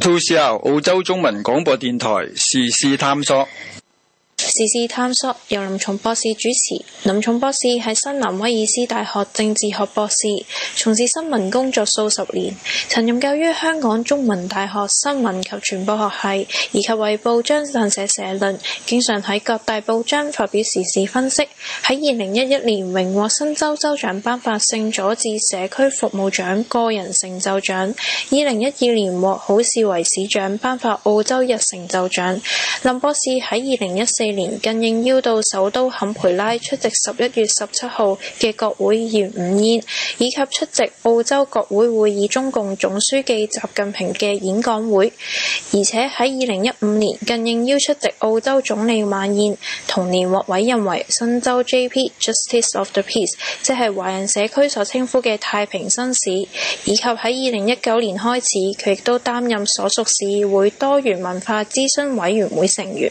ToC 澳洲中文廣播電台時事探索。時事探索由林聰博士主持。林聰博士係新南威爾斯大學政治學博士，從事新聞工作數十年，曾任教於香港中文大學新聞及傳播學系，以及為報章撰寫社，社論，經常喺各大報章發表時事分析。喺二零一一年榮獲新州州長頒發聖佐治社區服務獎個人成就獎，二零一二年獲好士維市長頒發澳洲日成就獎。林博士喺二零一四年。更應邀到首都坎培拉出席十一月十七號嘅國會議員午宴，以及出席澳洲國會會議中共總書記習近平嘅演講會，而且喺二零一五年，更應邀出席澳洲總理晚宴。同年獲委任為新州 J.P. Justice of the Peace，即係華人社區所稱呼嘅太平紳士，以及喺二零一九年開始，佢亦都擔任所屬市議會多元文化諮詢委員會成員。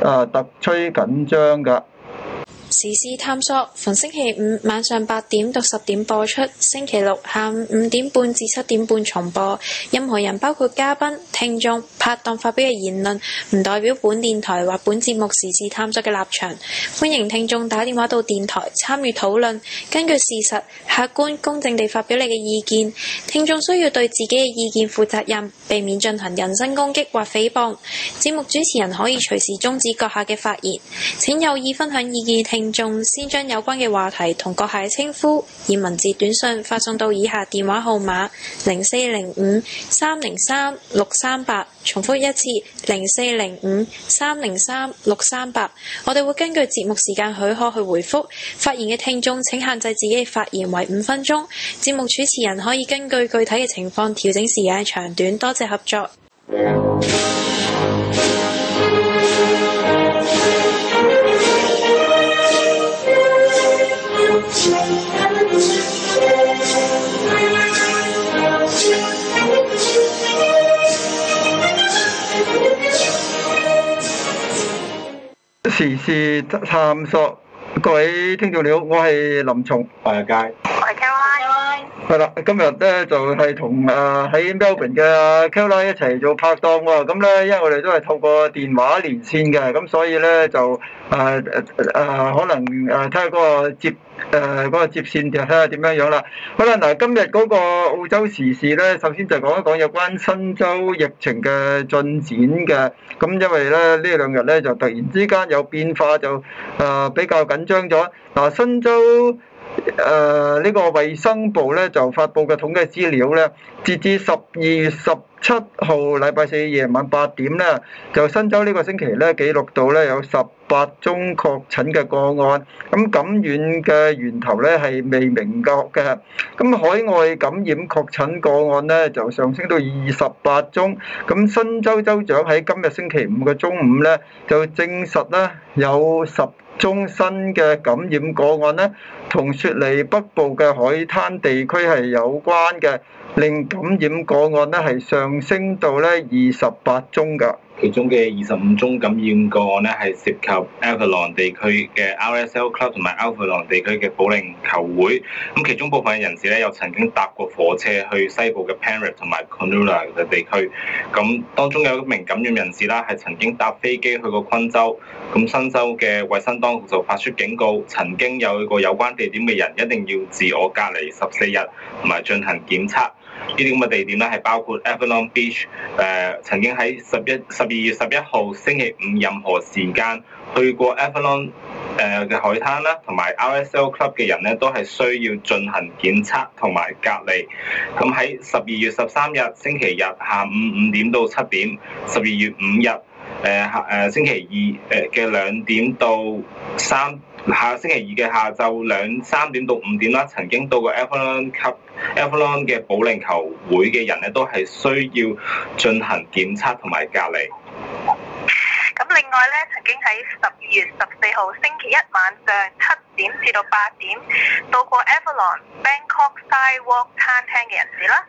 啊！突趨緊張㗎。時事探索逢星期五晚上八點到十點播出，星期六下午五點半至七點半重播。任何人包括嘉賓、聽眾、拍檔發表嘅言論，唔代表本電台或本節目時事探索嘅立場。歡迎聽眾打電話到電台參與討論，根據事實、客觀、公正地發表你嘅意見。聽眾需要對自己嘅意見負責任，避免進行人身攻擊或誹謗。節目主持人可以隨時終止閣下嘅發言。請有意分享意見聽。聽眾先將有關嘅話題同閣下嘅稱呼，以文字短信發送到以下電話號碼：零四零五三零三六三八。重複一次：零四零五三零三六三八。我哋會根據節目時間許可去回覆。發言嘅聽眾請限制自己嘅發言為五分鐘。節目主持人可以根據具體嘅情況調整時間長短。多謝合作。 時事探索，各位聽眾你好，我係林松，係阿佳，我係 Kola，係啦，今日咧就係同誒喺 Melbourne 嘅 Kola 一齊做拍檔喎，咁咧因為我哋都係透過電話連線嘅，咁所以咧就誒誒可能誒睇下嗰個接。誒嗰個接線嘅睇下點樣樣啦。好啦，嗱，今日嗰個澳洲時事咧，首先就講一講有關新州疫情嘅進展嘅。咁因為咧呢兩日咧就突然之間有變化，就誒比較緊張咗。嗱，新州誒呢個衞生部咧就發布嘅統計資料咧，截至十二月十七號禮拜四夜晚八點咧，就新州呢個星期咧記錄到咧有十八宗確診嘅個案，咁感染嘅源頭咧係未明確嘅。咁海外感染確診個案咧就上升到二十八宗。咁新州州長喺今日星期五嘅中午咧就證實啦，有十宗新嘅感染個案咧，同雪梨北部嘅海灘地區係有關嘅，令感染個案咧係上升到咧二十八宗㗎。其中嘅二十五宗感染個案呢，係涉及 Avalon 地區嘅 RSL Club 同埋 Avalon 地區嘅保齡球會。咁其中部分嘅人士呢，又曾經搭過火車去西部嘅 Parramatta 同埋 Cronulla 嘅地區。咁當中有一名感染人士啦，係曾經搭飛機去過昆州。咁新州嘅衛生當局就發出警告，曾經有去過有關地點嘅人，一定要自我隔離十四日，同埋進行檢測。呢啲咁嘅地點咧，係包括 Avalon Beach，誒曾經喺十一十二月十一號星期五任何時間去過 Avalon 嘅海灘啦，同埋 RSL Club 嘅人咧，都係需要進行檢測同埋隔離。咁喺十二月十三日星期日下午五點到七點，十二月五日誒下誒星期二誒嘅兩點到三下星期二嘅下晝兩三點到五點啦，曾經到過 Avalon Club。Avalon 嘅保齡球會嘅人咧，都係需要進行檢測同埋隔離。咁另外咧，曾經喺十二月十四號星期一晚上七點至到八點到過 Avalon Bangkok Sidewalk 餐廳嘅人士，士啦。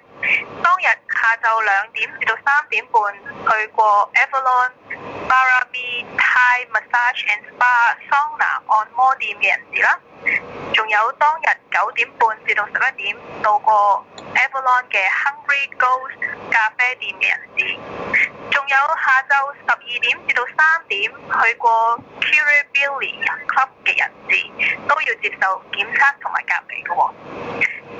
當日下晝兩點至到三點半去過 Avalon Barabie Thai Massage and Spa 桑拿按摩店嘅人士啦，仲有當日九點半至到十一點到過 Avalon 嘅 Hungry Ghost 咖啡店嘅人士，仲有下晝十二點至到三點去過 Kirribilli Club 嘅人士，都要接受檢測同埋隔離嘅喎。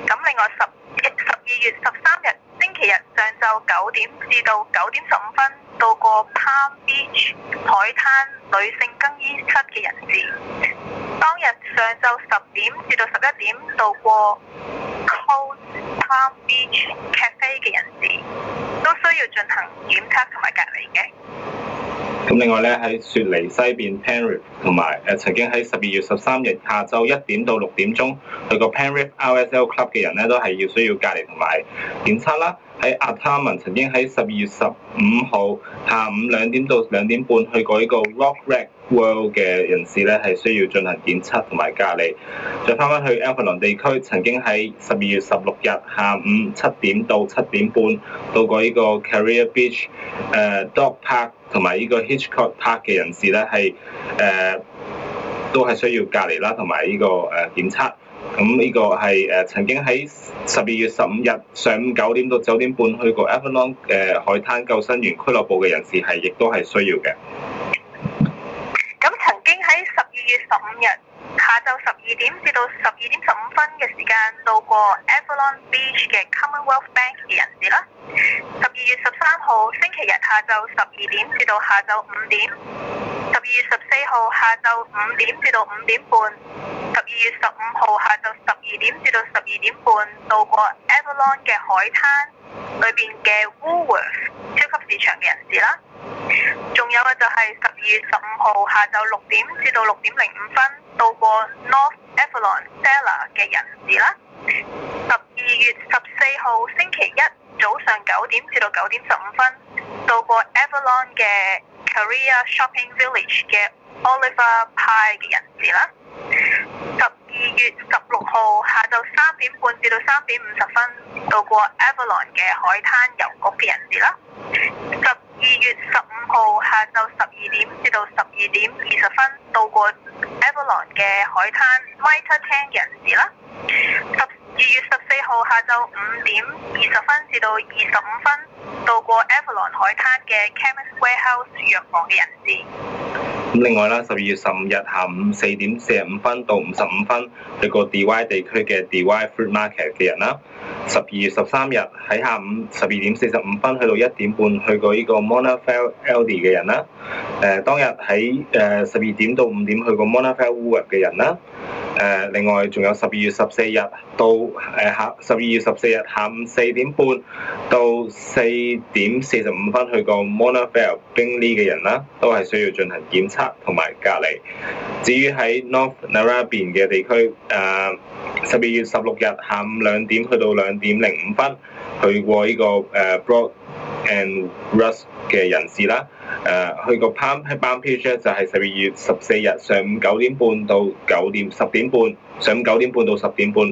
咁另外十。十二月十三日星期日上晝九點至到九點十五分到過 Palm Beach 海灘女性更衣室嘅人士，當日上晝十點至到十一點到過 Cold Palm Beach Cafe 嘅人士，都需要進行檢測同埋隔離嘅。咁另外咧，喺雪梨西邊 Penrith 同埋，誒曾經喺十二月十三日下晝一點到六點鐘去過 Penrith RSL Club 嘅人咧，都係要需要隔離同埋檢測啦。喺阿湯文曾經喺十二月十五號下午兩點到兩點半去過呢個 Rockland World 嘅人士咧，係需要進行檢測同埋隔離。再翻返去艾佛倫地區，曾經喺十二月十六日下午七點到七點半到過呢個 Career Beach、誒 Dog Park 同埋呢個 Hitchcock Park 嘅人士咧，係誒、呃、都係需要隔離啦，同埋呢個誒檢測。咁呢個係誒曾經喺十二月十五日上午九點到九點半去過 Avalon 嘅海灘救生員俱樂部嘅人士係亦都係需要嘅。咁曾經喺十二月十五日，下晝十二點至到十二點十五分嘅時間，到過 Avalon Beach 嘅 Commonwealth Bank 嘅人士啦。十二月十三號星期日下晝十二點至到下晝五點，十二月十四號下晝五點至到五點半，十二月十五號下晝十二點至到十二點半，到過 Avalon 嘅海灘裏邊嘅 Woolworth 超級市場嘅人士啦。仲有嘅就係十二月十五號下晝六點至到六點零五分，到過 North Avalon Cellar 嘅人士啦。十二月十四號星期一早上九點至到九點十五分，到過 Avalon 嘅 Korea Shopping Village 嘅 Oliver 派嘅人士啦。十二月十六號下晝三點半至到三點五十分，到過 Avalon 嘅海灘郵局嘅人士啦。十二月十五號下晝十二點至到十二點二十分，到過 Avalon 嘅海灘 Mitre 10嘅人士啦。十二月十四號下晝五點二十分至到二十五分，到過 Avalon 海灘嘅 Chemist Warehouse 藥房嘅人士。咁另外啦，十二月十五日下午四點四十五分到五十五分去過 D Y 地區嘅 D Y Food Market 嘅人啦；十二月十三日喺下午十二點四十五分去到一點半去過呢個 Mona Vale ALDI 嘅人啦；誒當日喺誒十二點到五點去過 Mona Vale Woolworths 嘅人啦。另外仲有十二月十四日到誒，下十二月十四日下午四點半到四點四十五分去過 Mona Vale 經理嘅人啦，都係需要進行檢測同埋隔離。至於喺 North Narrabeen 嘅地區，誒十二月十六日下午兩點去到兩點零五分。去過呢個誒 Broad and Rush 嘅人士啦，誒去過 Palm, Palm Beach 就係十二月十四日上午九點半到九點十點半，上午九點半到十點半，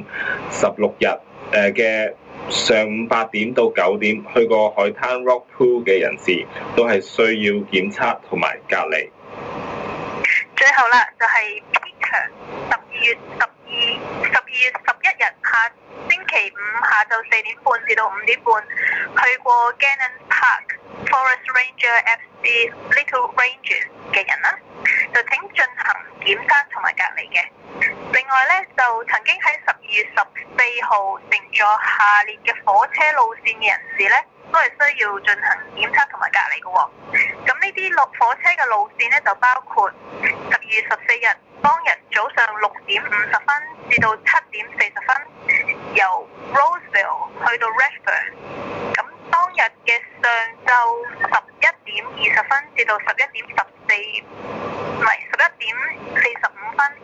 十六日誒嘅上午八點到九點去過海灘 Rock Pool 嘅人士都係需要檢測同埋隔離。最後啦，就係 Beach 十二月十二十二月十。日下星期五下晝四點半至到五點半去過 Gannon Park Forest Ranger FC Little Rangers 嘅人啦，就請進行檢測同埋隔離嘅。另外咧，就曾經喺十二月十四號乘坐下列嘅火車路綫嘅人士咧，都係需要進行檢測同埋隔離嘅。咁呢啲路火車嘅路綫咧，就包括十二月十四日。當日早上六點五十分至到七點四十分，由 Roseville 去到 Redfern。咁當日嘅上晝十一點二十分至到十一點十四，唔係十一點四十五分，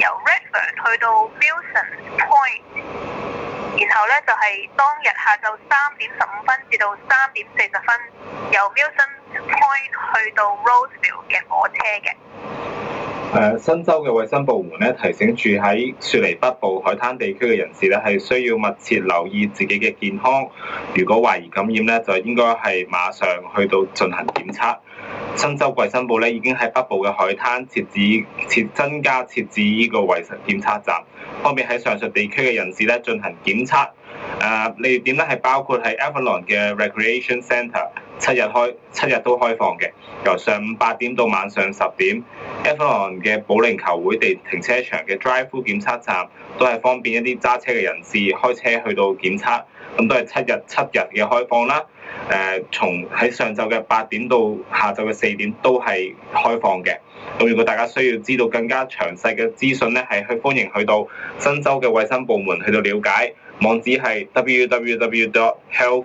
由 Redfern 去到 Milson Point。然後呢就係、是、當日下晝三點十五分至到三點四十分，由 Milson Point 去到 Roseville 嘅火車嘅。新州嘅衛生部門咧提醒住喺雪梨北部海灘地區嘅人士咧，係需要密切留意自己嘅健康。如果懷疑感染咧，就應該係馬上去到進行檢測。新州衞生部咧已經喺北部嘅海灘設置設增加設置呢個衞生檢測站，方便喺上述地區嘅人士咧進行檢測。誒、啊，地點咧係包括係 Avalon 嘅 Recreation Centre。七日開，七日都開放嘅，由上午八點到晚上十點 f o n 嘅保齡球會地停車場嘅 Drive 檢測站都係方便一啲揸車嘅人士開車去到檢測，咁都係七日七日嘅開放啦。誒、呃，從喺上晝嘅八點到下晝嘅四點都係開放嘅。咁如果大家需要知道更加詳細嘅資訊咧，係去歡迎去到新州嘅衛生部門去到了解，網址係 www.health。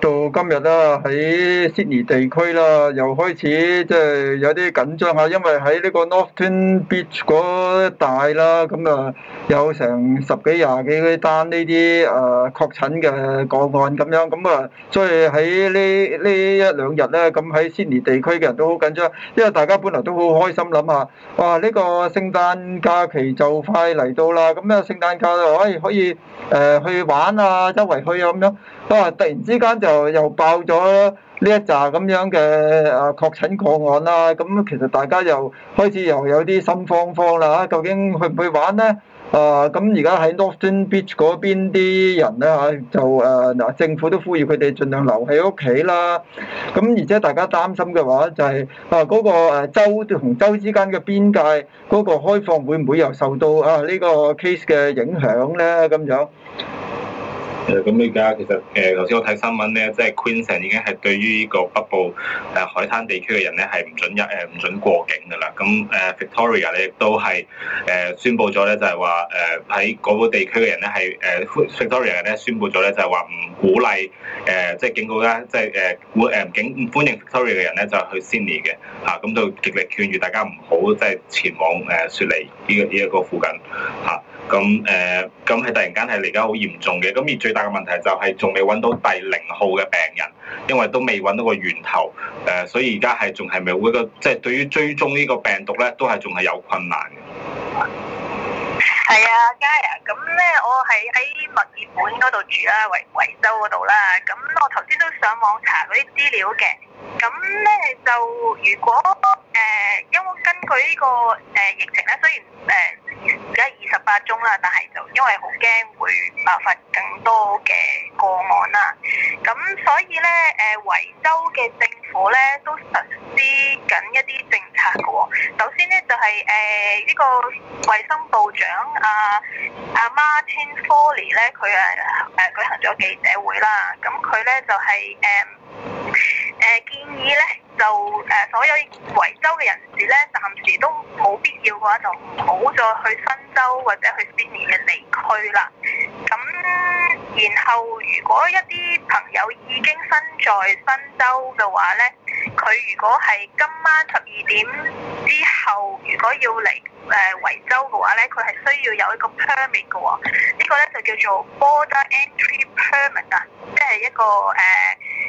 到今日啦，喺 Sydney 地區啦，又開始即係有啲緊張啊！因為喺呢個 Northern Beaches 嗰帶啦，咁啊有成十幾廿幾單呢啲誒確診嘅個案咁樣，咁啊，所以喺呢呢一兩日咧，咁喺 Sydney 地區嘅人都好緊張，因為大家本嚟都好開心諗下，哇！呢個聖誕假期就快嚟到啦，咁咧聖誕假就可以可以誒去玩啊，周圍去啊咁樣，都係突然之間就～又爆咗呢一紮咁樣嘅啊確診個案啦，咁其實大家又開始又有啲心慌慌啦，究竟去唔去玩呢？啊，咁而家喺 Northern Beach 嗰邊啲人咧嚇就誒嗱、啊，政府都呼籲佢哋盡量留喺屋企啦。咁、啊、而且大家擔心嘅話就係啊嗰個州同州之間嘅邊界嗰個開放會唔會又受到啊呢個 case 嘅影響呢？咁樣。誒咁依家其實誒頭先我睇新聞咧，即係 Queensland 已經係對於呢個北部誒海灘地區嘅人咧係唔準入誒唔準過境㗎啦。咁誒 Victoria 咧亦都係誒宣布咗咧，就係話誒喺嗰個地區嘅人咧係誒 Victoria 咧宣布咗咧，就係話唔鼓勵誒即係警告啦，即係誒鼓誒警唔歡迎 Victoria 嘅人咧就是、去 Sydney 嘅嚇，咁、啊、就極力勸喻大家唔好即係前往誒雪梨呢呢一個附近嚇。啊咁誒，咁係突然間係嚟緊好嚴重嘅。咁而最大嘅問題就係仲未揾到第零號嘅病人，因為都未揾到個源頭。誒，所以而家係仲係咪會個即係對於追蹤呢個病毒咧，都係仲係有困難嘅。係啊，佳雅，咁咧我係喺墨爾本嗰度住啦，維維州嗰度啦。咁我頭先都上網查嗰啲資料嘅。咁咧就如果誒、呃，因為根據呢個誒疫情咧，雖然誒。呃而家二十八宗啦，但係就因為好驚會爆發更多嘅個案啦，咁所以咧，誒，維州嘅政府咧都實施緊一啲政策嘅喎、哦。首先咧就係誒呢個衞生部長阿阿、啊啊、Martin Foley 咧，佢誒誒舉行咗記者會啦，咁佢咧就係誒誒建議咧。就誒所有維州嘅人士咧，暫時都冇必要嘅話就唔好再去新州或者去悉尼嘅地區啦。咁 然後如果一啲朋友已經身在新州嘅話咧，佢如果係今晚十二點之後如果要嚟誒維州嘅話咧，佢係需要有一個 permit 嘅喎、這個、呢個咧就叫做 border entry permit 啊，即係一個誒誒、呃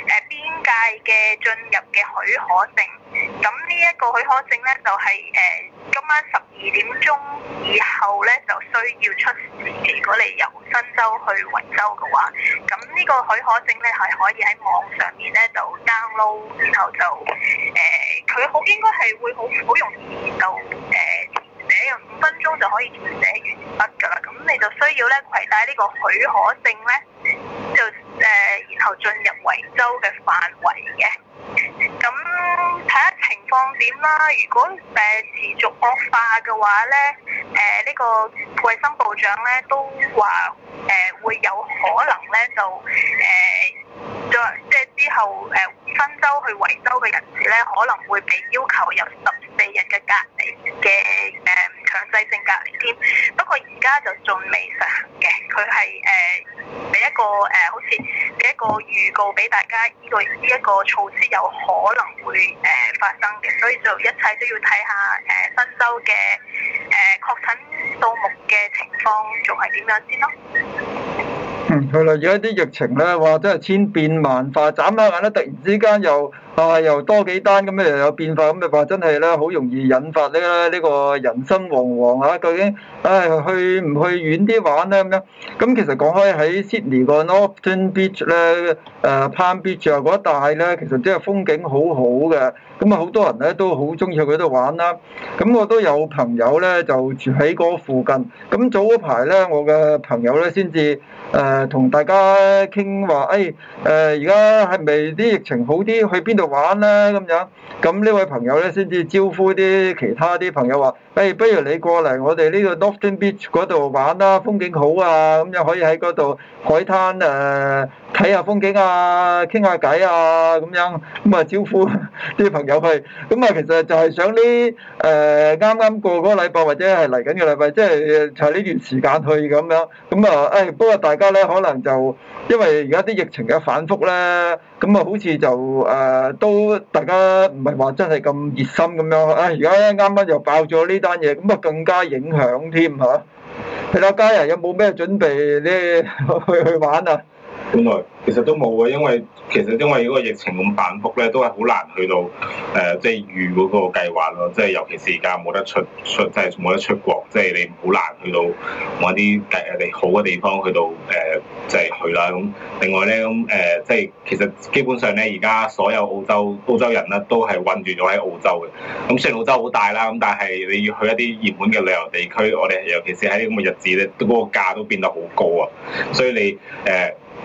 呃、邊界嘅進入嘅許可。 可證，咁呢一個許可證咧就係、是、誒、呃，今晚十二點鐘以後咧就需要出示。如果你由新州去維州嘅話，咁呢個許可證咧係可以喺網上面咧就 download，然後就誒，佢、呃、好應該係會好好容易就。誒、呃。寫用五分鐘就可以寫完畢噶啦，咁你就需要咧攜帶呢個許可證咧，就誒、呃、然後進入維州嘅範圍嘅。咁睇下情況點啦，如果誒、呃、持續惡化嘅話咧，誒、呃、呢、這個衛生部長咧都話誒、呃、會有可能咧就誒。呃在即係之後，誒，新州去維州嘅人士咧，可能會被要求有十四日嘅隔離嘅誒強制性隔離添。不過而家就仲未實行嘅，佢係誒，呃、俾一個誒、呃，好似俾一個預告俾大家，呢、這個呢一、這個措施有可能會誒、呃、發生嘅，所以就一切都要睇下誒、呃、新州嘅誒確診數目嘅情況仲係點樣先咯。嗯，係啦，而家啲疫情咧，話真係千變萬化，眨下眼咧，突然之間又啊，又多幾單咁樣，又有變化咁，就話真係咧，好容易引發咧呢個人心惶惶啊！究竟？唉，去唔去遠啲玩咧咁樣？咁其實講開喺 Sydney 個 Northern Beach 咧，誒，Palm Beach 啊嗰一帶咧，其實即係風景好好嘅。咁啊，好多人咧都好中意去佢度玩啦。咁我都有朋友咧就住喺嗰附近。咁早排咧，我嘅朋友咧先至誒同大家傾話，誒誒，而家係咪啲疫情好啲？去邊度玩咧咁樣？咁呢位朋友咧先至招呼啲其他啲朋友話：誒、哎，不如你過嚟我哋呢、呢個 Costa Beach 嗰度玩啦，風景好啊，咁樣可以喺嗰度海灘誒睇、呃、下風景啊，傾下偈啊，咁樣咁啊招呼啲 朋友去。咁啊，其實就係想呢誒啱啱過嗰個禮拜或者係嚟緊嘅禮拜，即係就係、誒、呢段時間去咁樣。咁啊，誒不過大家咧可能就因為而家啲疫情嘅反覆咧。咁啊，好似就誒，都、呃、大家唔係話真係咁熱心咁樣。啊、哎，而家啱啱又爆咗呢單嘢，咁啊更加影響添吓。係、啊、啦，家人有冇咩準備咧？去去玩啊！原來其實都冇嘅，因為其實因為嗰個疫情咁反覆咧，都係好難去到誒，即係預嗰個計劃咯。即係尤其時間冇得出出，即係冇得出國，即係你好難去到某一啲誒誒好嘅地方去到誒，即係去啦。咁另外咧咁誒，即係其實基本上咧，而家所有澳洲澳洲人咧都係困住咗喺澳洲嘅。咁雖然澳洲好大啦，咁但係你要去一啲熱門嘅旅遊地區，我哋尤其是喺啲咁嘅日子咧，都個價都變得好高啊。所以你誒。呃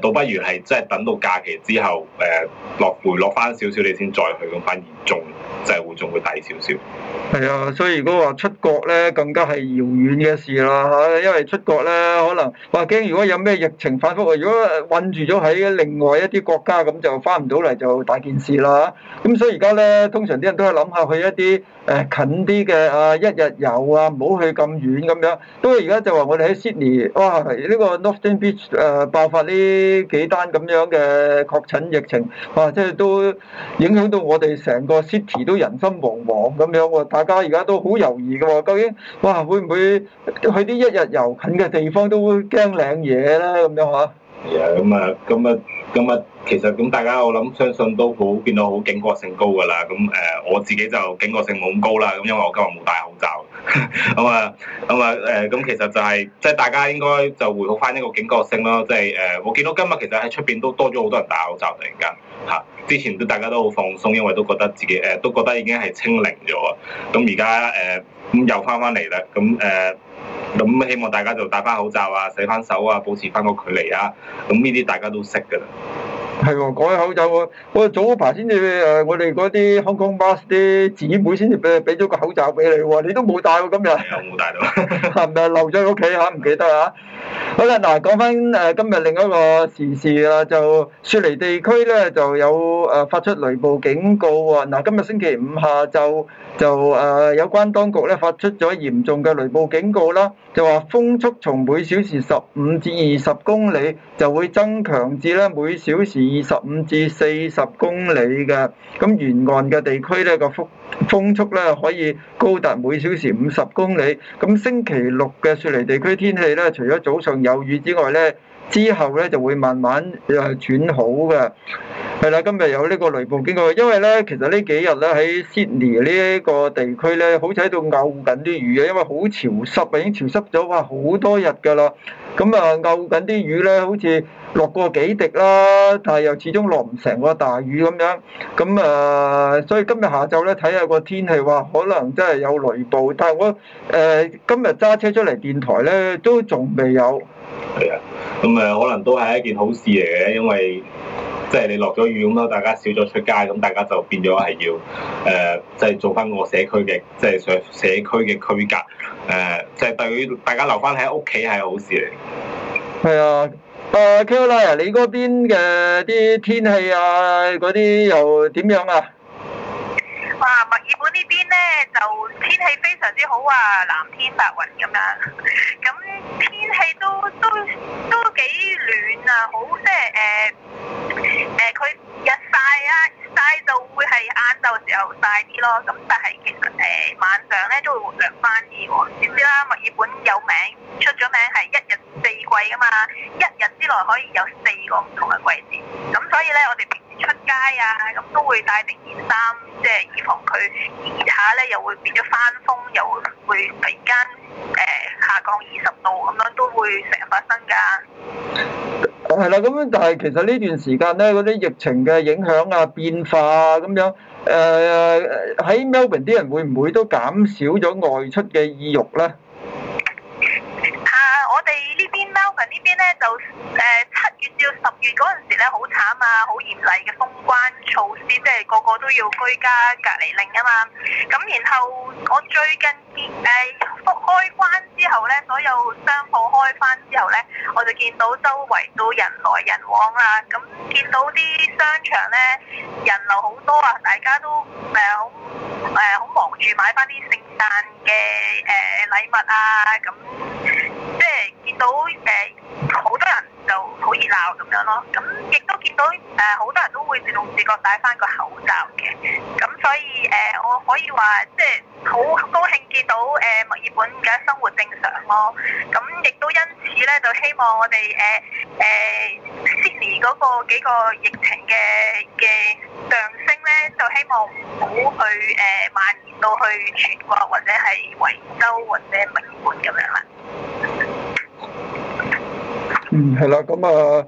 倒不如係即係等到假期之後，誒、呃、落回落翻少少，你先再去咁，反而仲即係會仲會抵少少。係啊，所以如果話出國咧，更加係遙遠嘅事啦嚇，因為出國咧，可能話驚如果有咩疫情反覆，如果困住咗喺另外一啲國家，咁就翻唔到嚟就大件事啦嚇。咁所以而家咧，通常啲人都係諗下去一啲誒近啲嘅啊一日遊啊，唔好去咁遠咁樣。不過而家就話我哋喺 Sydney，哇！呢、呢個 Northern Beach 誒爆發呢。啲幾單咁樣嘅確診疫情，哇！即係都影響到我哋成個 city 都人心惶惶咁樣喎。大家而家都好猶豫嘅喎，究竟哇會唔會去啲一日遊近嘅地方都會驚攬嘢咧咁樣嚇？咁啊、嗯，咁、嗯、啊，咁、嗯、啊、嗯嗯嗯，其實咁、嗯、大家我諗相信都好變到好警覺性高㗎啦。咁誒、呃，我自己就警覺性冇咁高啦。咁因為我今日冇戴口罩。咁啊，咁啊、 嗯，誒、嗯，咁、嗯嗯、其實就係、是，即、就、係、是、大家應該就回復翻呢個警覺性咯，即係誒，我見到今日其實喺出邊都多咗好多人戴口罩，突然間，嚇、啊，之前都大家都好放鬆，因為都覺得自己誒、啊，都覺得已經係清零咗，咁而家誒，咁、啊、又翻翻嚟啦，咁、啊、誒，咁、啊、希望大家就戴翻口罩啊，洗翻手啊，保持翻個距離啊，咁呢啲大家都識㗎啦。係喎、哦，改口罩喎、哦哦、呃，我早排先至誒，我哋嗰啲 Hong Kong bus 啲姊妹先至俾俾咗個口罩俾你喎、哦，你都冇戴喎今日，有冇戴到？係咪留咗喺屋企嚇？唔記得嚇、啊？好啦，嗱，講翻誒今日另一個時事啊，就雪梨地區咧就有誒發出雷暴警告喎。嗱，今日星期五下晝就誒有關當局咧發出咗嚴重嘅雷暴警告啦，就話風速從每小時十五至二十公里就會增強至咧每小時二十五至四十公里嘅。咁沿岸嘅地區咧個幅。風速咧可以高達每小時五十公里，咁星期六嘅雪梨地區天氣咧，除咗早上有雨之外咧，之後咧就會慢慢又轉好嘅。係啦，今日有呢個雷暴經過，因為咧其實幾呢幾日咧喺 Sydney 呢一個地區咧，好似喺度咬緊啲雨啊，因為好潮濕啊，已經潮濕咗哇好多日㗎啦，咁啊咬緊啲雨咧，好似～落過幾滴啦，但係又始終落唔成個大雨咁樣，咁啊，所以今日下晝咧睇下個天氣話可能真係有雷暴，但係我誒、呃、今日揸車出嚟電台咧都仲未有。係啊，咁啊，可能都係一件好事嚟嘅，因為即係、就是、你落咗雨咁咯，大家少咗出街，咁大家就變咗係要誒即係做翻我社區嘅即係上社區嘅區隔即、呃、就係、是、對大家留翻喺屋企係好事嚟。係啊。誒 Kolay，你嗰邊嘅啲天氣啊，嗰啲又點樣啊？哇，墨爾本呢邊咧就天氣非常之好啊，藍天白雲咁樣。咁、 嗯、天氣都都都幾暖啊，好即係誒。呃誒，佢、呃、日曬啊，曬就會係晏晝時候曬啲咯，咁但係其實誒、呃、晚上咧都會活躍翻啲喎。你知啦，墨爾本有名出咗名係一日四季噶嘛，一日之內可以有四個唔同嘅季節，咁所以咧我哋出街啊，咁都會帶定件衫，即係以防佢熱下咧，又會變咗翻風，又會突然間誒下降二十度咁樣，都會成日發生㗎。係啦，咁但係其實呢段時間咧，嗰啲疫情嘅影響啊、變化啊咁樣，誒喺 Melbourne 啲人會唔會都減少咗外出嘅意欲咧？我哋呢邊，墨爾本呢邊呢，就誒七、呃、月至到十月嗰陣時咧，好慘啊，好嚴厲嘅封關措施，即係個個都要居家隔離令啊嘛。咁然後我最近見誒、呃、開關之後呢，所有商鋪開翻之後呢，我就見到周圍都人來人往啊，咁見到啲商場呢，人流好多啊，大家都誒好誒好忙住買翻啲聖誕嘅誒禮物啊，咁即係。見到誒，好多人就好熱鬧咁樣咯，咁亦都見到誒，好多人都會自動自覺戴翻個口罩嘅，咁所以誒，我可以話即係好高興見到誒，墨爾本嘅生活正常咯，咁亦都因此咧，就希望我哋誒誒悉尼嗰個幾個疫情嘅嘅上升咧，就希望唔好去誒、呃、蔓延到去全國或者係維州或者墨爾本咁樣啦。嗯，係啦，咁、嗯、啊，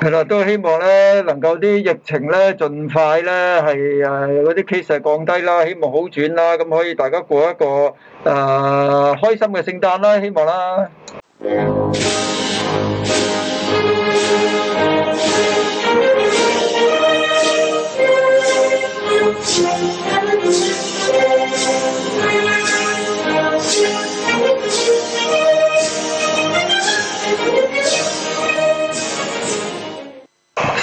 係啦、嗯，都希望咧能夠啲疫情咧盡快咧係誒嗰啲 case 係降低啦，希望好轉啦，咁、嗯、可以大家過一個誒、呃、開心嘅聖誕啦，希望啦。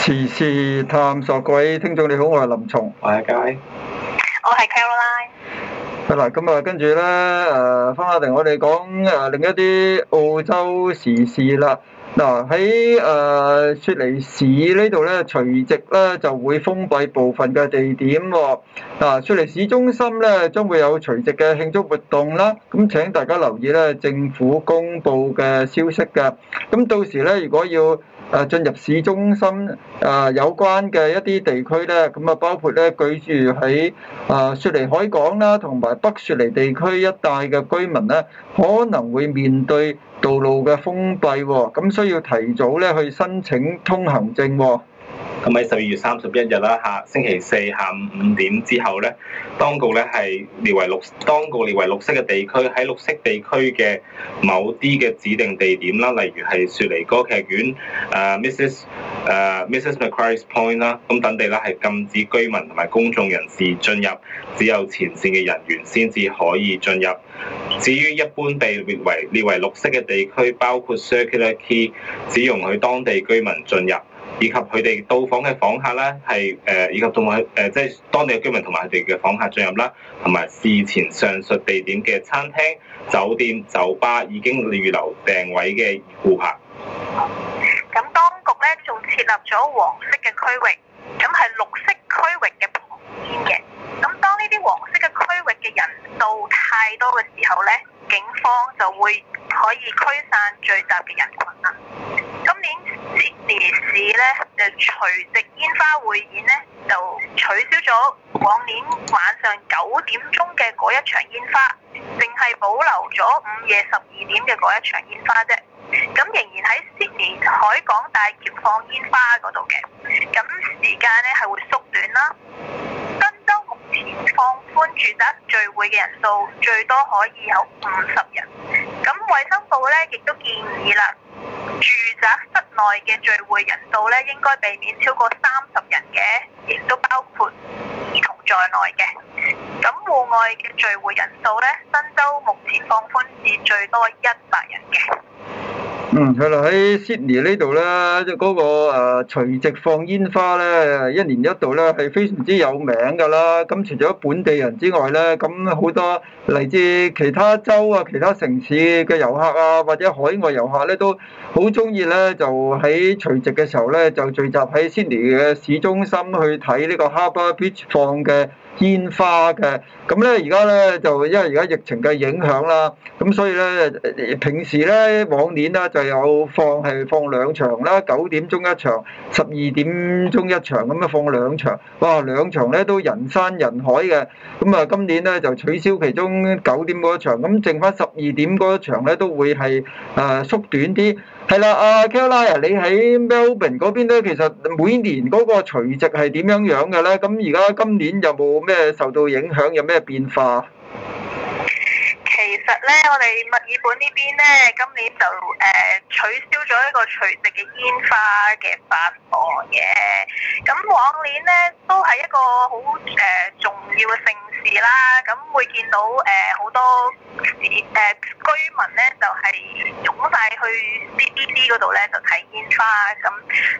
時事探索，各位聽眾你好，我係林松，我係佳，我係 Caroline。嗱咁啊，跟住咧，誒，Frankie，我哋講誒另一啲澳洲時事啦。嗱喺誒雪梨市呢度咧，除夕咧就會封閉部分嘅地點喎。嗱，雪梨市中心咧將會有除夕嘅慶祝活動啦。咁請大家留意咧，政府公布嘅消息㗎。咁到時咧，如果要誒進入市中心誒有關嘅一啲地區咧，咁啊包括咧居住喺誒雪梨海港啦，同埋北雪梨地區一帶嘅居民咧，可能會面對道路嘅封閉，咁需要提早咧去申請通行證。咁喺十二月三十一日啦，下星期四下午五點之後咧，當局咧係列為綠，當局列為綠色嘅地區，喺綠色地區嘅某啲嘅指定地點啦，例如係雪梨歌劇院、誒、uh, Mrs、誒、uh, Mrs Macquarie's Point 啦，咁等地啦係禁止居民同埋公眾人士進入，只有前線嘅人員先至可以進入。至於一般被列為列為綠色嘅地區，包括 Circular Quay，只容許當地居民進入。以及佢哋到訪嘅訪客咧，係誒以及到訪誒，即係當地嘅居民同埋佢哋嘅訪客進入啦，同埋事前上述地點嘅餐廳、酒店、酒吧已經預留訂位嘅顧客。咁當局咧仲設立咗黃色嘅區域，咁係綠色區域嘅旁邊嘅。咁當呢啲黃色嘅區域嘅人到太多嘅時候咧。警方就會可以驅散聚集嘅人群啦。今年悉尼市咧嘅除夕煙花匯演咧就取消咗往年晚上九點鐘嘅嗰一場煙花，淨係保留咗午夜十二點嘅嗰一場煙花啫。咁仍然喺悉尼海港大橋放煙花嗰度嘅，咁時間咧係會縮短啦。放寬住宅聚會嘅人數，最多可以有五十人。咁衛生部咧亦都建議啦，住宅室內嘅聚會人數咧應該避免超過三十人嘅，亦都包括兒童在內嘅。咁戶外嘅聚會人數咧，新州目前放寬至最多一百人嘅。嗯，係啦，喺 Sydney 呢度咧，即係嗰個誒除夕放煙花咧，一年一度咧係非常之有名噶啦。咁除咗本地人之外咧，咁好多嚟自其他州啊、其他城市嘅遊客啊，或者海外遊客咧，都好中意咧，就喺除夕嘅時候咧，就聚集喺 Sydney 嘅市中心去睇呢個 Harbour Bridge 放嘅。煙花嘅，咁咧而家咧就因為而家疫情嘅影響啦，咁所以咧平時咧往年咧就有放係放兩場啦，九點鐘一場，十二點鐘一場咁啊放兩場，哇兩場咧都人山人海嘅，咁啊今年咧就取消其中九點嗰一場，咁剩翻十二點嗰一場咧都會係誒、呃、縮短啲。係啦，阿 Kelly 啊，你喺 Melbourne 嗰邊咧，其實每年嗰個除夕係點樣樣嘅咧？咁而家今年有冇咩受到影響？有咩變化？其實咧，我哋墨爾本邊呢邊咧，今年就誒、呃、取消咗一個除夕嘅煙花嘅發放嘅。咁往年咧都係一個好誒、呃、重要嘅盛事啦。咁會見到誒好、呃、多誒、呃、居民咧，就係湧曬去 CBD 嗰度咧，就睇煙花，咁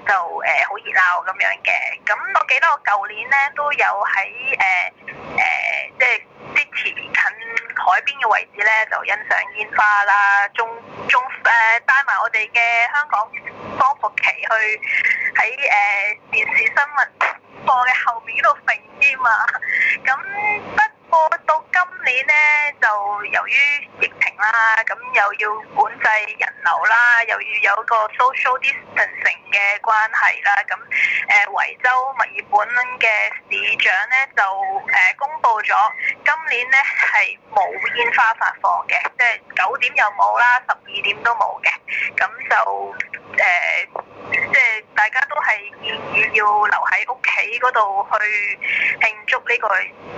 就誒好、呃、熱鬧咁樣嘅。咁我記得我舊年咧都有喺誒誒，即係啲前近。海邊嘅位置咧，就欣賞煙花啦，仲仲誒，帶埋、呃、我哋嘅香港方福旗去喺誒、呃、電視新聞播嘅後面度揈添啊！咁我到今年呢，就由於疫情啦，咁又要管制人流啦，又要有一個 social distancing 嘅關係啦，咁誒，維、呃、州墨爾本嘅市長呢，就誒、呃、公佈咗，今年呢係冇煙花發放嘅，即係九點又冇啦，十二點都冇嘅，咁就誒。呃即係大家都係願意要留喺屋企嗰度去慶祝呢個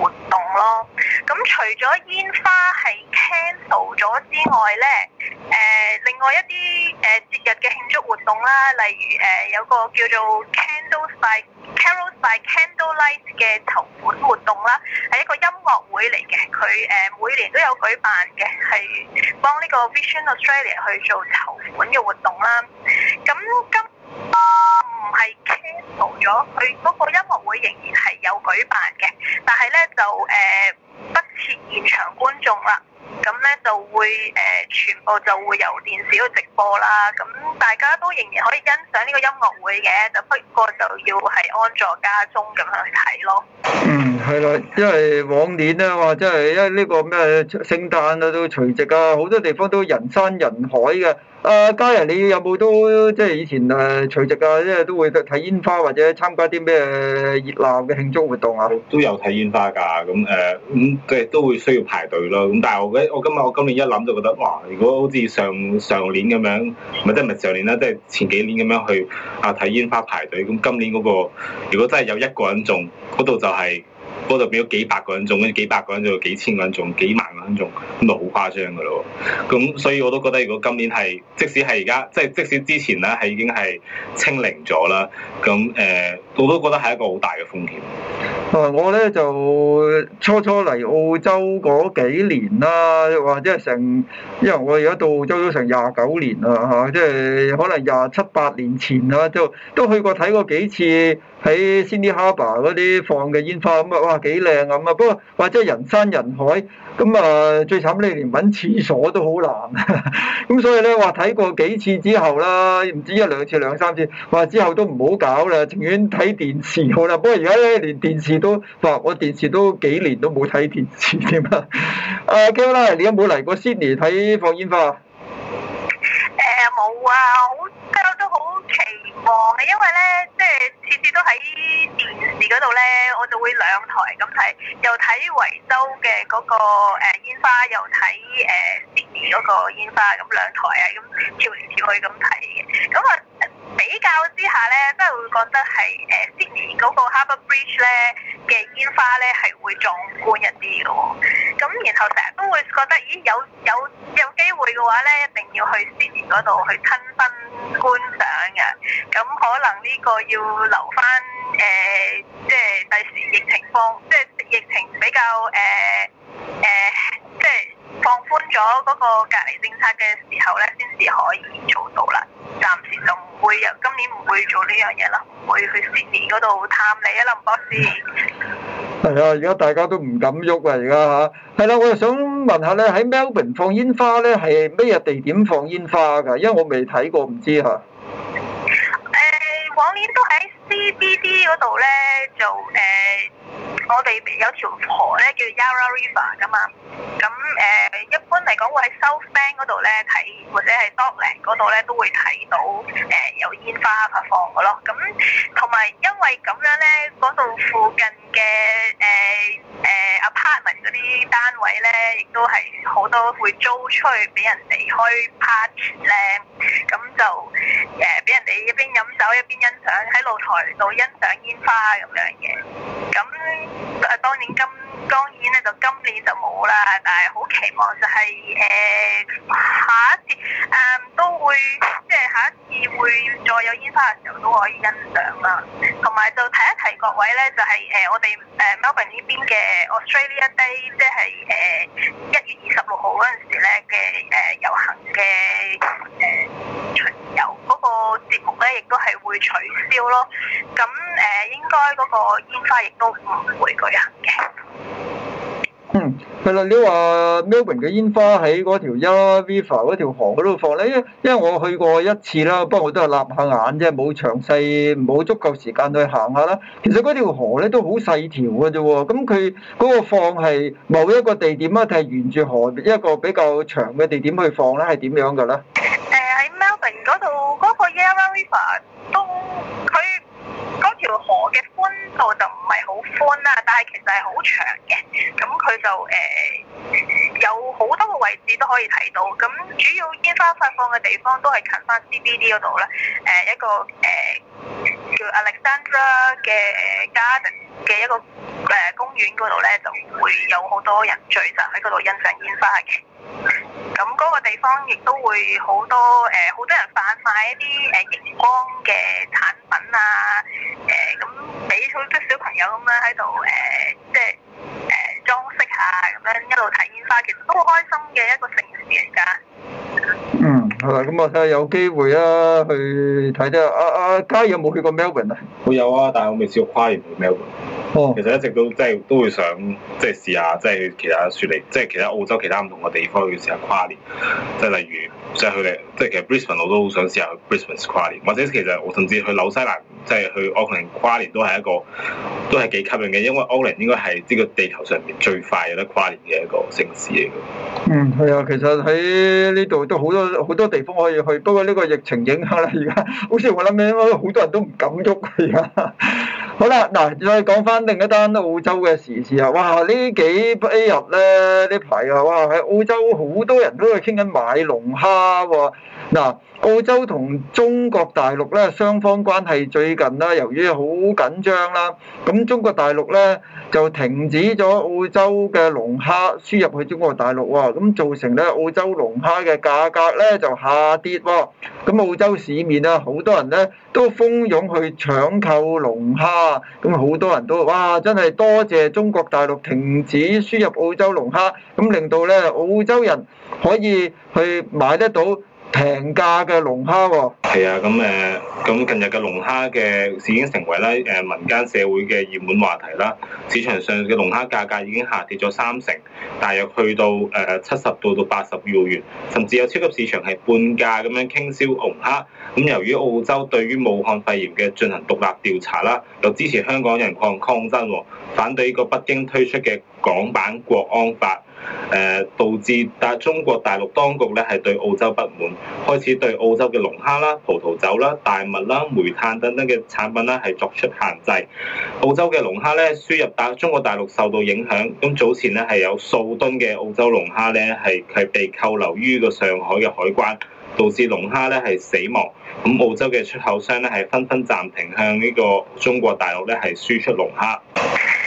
活動咯。咁除咗煙花係 cancel 咗之外呢，誒、呃，另外一啲誒節日嘅慶祝活動啦，例如誒、呃、有個叫做 Candles by Carols Cand by Candlelight 嘅籌款活動啦，係一個音樂會嚟嘅，佢誒每年都有舉辦嘅，係幫呢個 Vision Australia 去做籌款嘅活動啦。咁今唔係 cancel 咗，佢嗰個音樂會仍然係有舉辦嘅，但係呢就誒、呃、不設現場觀眾啦，咁呢就會誒、呃、全部就會由電視去直播啦，咁大家都仍然可以欣賞呢個音樂會嘅，就不過就要係安坐家中咁樣去睇咯。嗯，係啦，因為往年咧話即係因為呢個咩聖誕啊、都除夕啊，好多地方都人山人海嘅。誒家人，你有冇都即係以前誒除夕啊，即係都會睇煙花或者參加啲咩熱鬧嘅慶祝活動啊？都有睇煙花㗎，咁誒，咁即係都會需要排隊咯。咁但係我嘅我今日我今年一諗就覺得，哇！如果好似上上年咁樣，咪即係咪上年啦，即係前幾年咁樣去啊睇煙花排隊，咁今年嗰個如果真係有一個人仲嗰度就係。嗰度變咗幾百個人種，跟住幾百個人種，幾千個人種，幾萬個人種，咁就好誇張㗎啦喎！咁所以我都覺得，如果今年係，即使係而家，即係即使之前咧係已經係清零咗啦，咁誒、呃，我都覺得係一個好大嘅風險。啊，我咧就初初嚟澳洲嗰幾年啦，或者係成，因為我而家到澳洲都成廿九年啦，嚇，即係可能廿七八年前啦，都都去過睇過幾次。喺 Sydney Harbour 嗰啲放嘅煙花咁啊，哇幾靚啊！咁啊，不過或者係人山人海，咁啊、呃、最慘咧，連揾廁所都好難，啊。咁所以咧話睇過幾次之後啦，唔知一兩次兩三次，話之後都唔好搞啦，情願睇電視好啦。不過而家咧連電視都話我電視都幾年都冇睇電視添啦。阿 Kola、啊、你有冇嚟過 Sydney 睇放煙花？哇！好，wow, 我都好期望嘅，因為咧，即係次次都喺電視嗰度咧，我就會兩台咁睇，又睇維州嘅嗰個誒煙花，又睇誒悉尼嗰個煙花，咁兩台啊，咁跳嚟跳去咁睇嘅，咁。啊。比較之下咧，真係會覺得係誒 Sydney 嗰個 Harbour Bridge 咧嘅煙花咧係會壯觀一啲嘅，咁然後成日都會覺得，咦有有有機會嘅話咧，一定要去 Sydney 嗰度去親身觀賞嘅。咁可能呢個要留翻誒、呃，即係第時疫情況，即係疫情比較誒誒、呃呃，即係。放寬咗嗰個隔離政策嘅時候咧，先至可以做到啦。暫時就唔會有，今年唔會做呢樣嘢咯，唔會去悉尼嗰度探你啊，林博士。係啊、嗯，而家大家都唔敢喐啦、啊，而家吓。係啦、啊，我又想問下咧，喺 Melbourne 放煙花咧係咩嘢、地點放煙花噶？因為我未睇過，唔知吓。誒、欸，往年都喺 CBD 嗰度咧做誒。欸我哋有條河咧叫 Yarra River 噶嘛，咁誒，一般嚟講會喺 South Bank 嗰度咧睇，或者係 Docklands 嗰度咧都會睇到誒有煙花發放噶咯。咁同埋因為咁樣咧，嗰度附近嘅誒誒 apartment 嗰啲單位咧，亦都係好多會租出去俾人哋開 party 咧，咁就誒俾人哋一邊飲酒一邊欣賞喺露台度欣賞煙花咁樣嘅，咁。誒，當然今當然咧就今年就冇啦，但係好期望就係、是、誒、呃、下一次誒、呃、都會即係下一次會再有煙花嘅時候都可以欣賞啦。同埋就提一提各位咧，就係誒我哋誒 Melbourne 呢邊嘅 Australia Day，即係誒一月二十六號嗰陣時咧嘅誒遊行嘅誒巡遊嗰個節目咧，亦都係會取消咯。咁誒、呃、應該嗰個煙花亦都。每個人嘅。嗯，係啦，你話 Melbourne 嘅煙花喺嗰條 Yarra River 嗰條河嗰度放咧，因因為我去過一次啦，不過我都係立下眼啫，冇詳細，冇足夠時間去行下啦。其實嗰條河咧都好細條嘅啫喎，咁佢嗰個放係某一個地點啊，定係沿住河一個比較長嘅地點去放咧，係點樣嘅咧？誒、uh，喺 Melbourne 嗰度嗰個 Yarra River 都佢。嗰條河嘅寬度就唔係好寬啦，但係其實係好長嘅。咁佢就誒、呃、有好多個位置都可以睇到。咁主要煙花發放嘅地方都係近返 CBD 嗰度啦。誒、呃、一個誒、呃、叫 Alexandra Gardens 嘅一個誒公園嗰度咧，就會有好多人聚集喺嗰度欣賞煙花嘅。咁嗰個地方亦都會好多誒，好、呃、多人販賣一啲誒熒光嘅產品啊，誒、呃，咁俾咗啲小朋友咁樣喺度誒，即係誒裝飾下，咁樣一路睇煙花，其實都好開心嘅一個城市嚟、啊、噶。嗯，係啦，咁我睇下有機會啊，去睇睇啊，啊，阿佳有冇去過 Melbourne 啊？會有啊，但係我未試過跨年去 Melbourne。哦，其實一直都即係都會想即係試下即係其他雪梨，即係其他澳洲其他唔同嘅地方去試下跨年。即係例如即係去即係其實 Brisbane 我都好想試下去 Brisbane 跨年，或者其實我甚至去紐西蘭即係去奧克蘭跨年都係一個。都係幾吸引嘅，因為澳門應該係呢個地球上邊最快有得跨年嘅一個城市嚟嘅。嗯，係啊，其實喺呢度都好多好多地方可以去，不過呢個疫情影響啦，而家好似我諗咩，好多人都唔敢喐佢啊。好啦，嗱，再講返另一單澳洲嘅時事啊！哇，幾幾呢幾一日咧，呢排啊，哇，喺澳洲好多人都係傾緊買龍蝦喎，嗱。澳洲同中國大陸咧雙方關係最近啦，由於好緊張啦，咁中國大陸咧就停止咗澳洲嘅龍蝦輸入去中國大陸喎，咁造成咧澳洲龍蝦嘅價格咧就下跌喎，咁澳洲市面啊，好多人都蜂擁去搶購龍蝦，咁好多人都哇真係多謝中國大陸停止輸入澳洲龍蝦，咁令到咧澳洲人可以去買得到。平價嘅龍蝦喎。哦，係啊，咁誒，咁近日嘅龍蝦嘅已經成為啦誒民間社會嘅熱門話題啦。市場上嘅龍蝦價格已經下跌咗三成，大約去到誒七十到到八十澳元，甚至有超級市場係半價咁樣傾銷龍蝦。咁由於澳洲對於武漢肺炎嘅進行獨立調查啦，又支持香港人抗抗爭喎，反對呢個北京推出嘅港版國安法，誒導致大中國大陸當局咧係對澳洲不滿，開始對澳洲嘅龍蝦啦、葡萄酒啦、大麥啦、煤炭等等嘅產品啦係作出限制。澳洲嘅龍蝦咧輸入大中國大陸受到影響，咁早前咧係有數噸嘅澳洲龍蝦咧係係被扣留於個上海嘅海關，導致龍蝦咧係死亡，咁澳洲嘅出口商咧係紛紛暫停向呢個中國大陸咧係輸出龍蝦。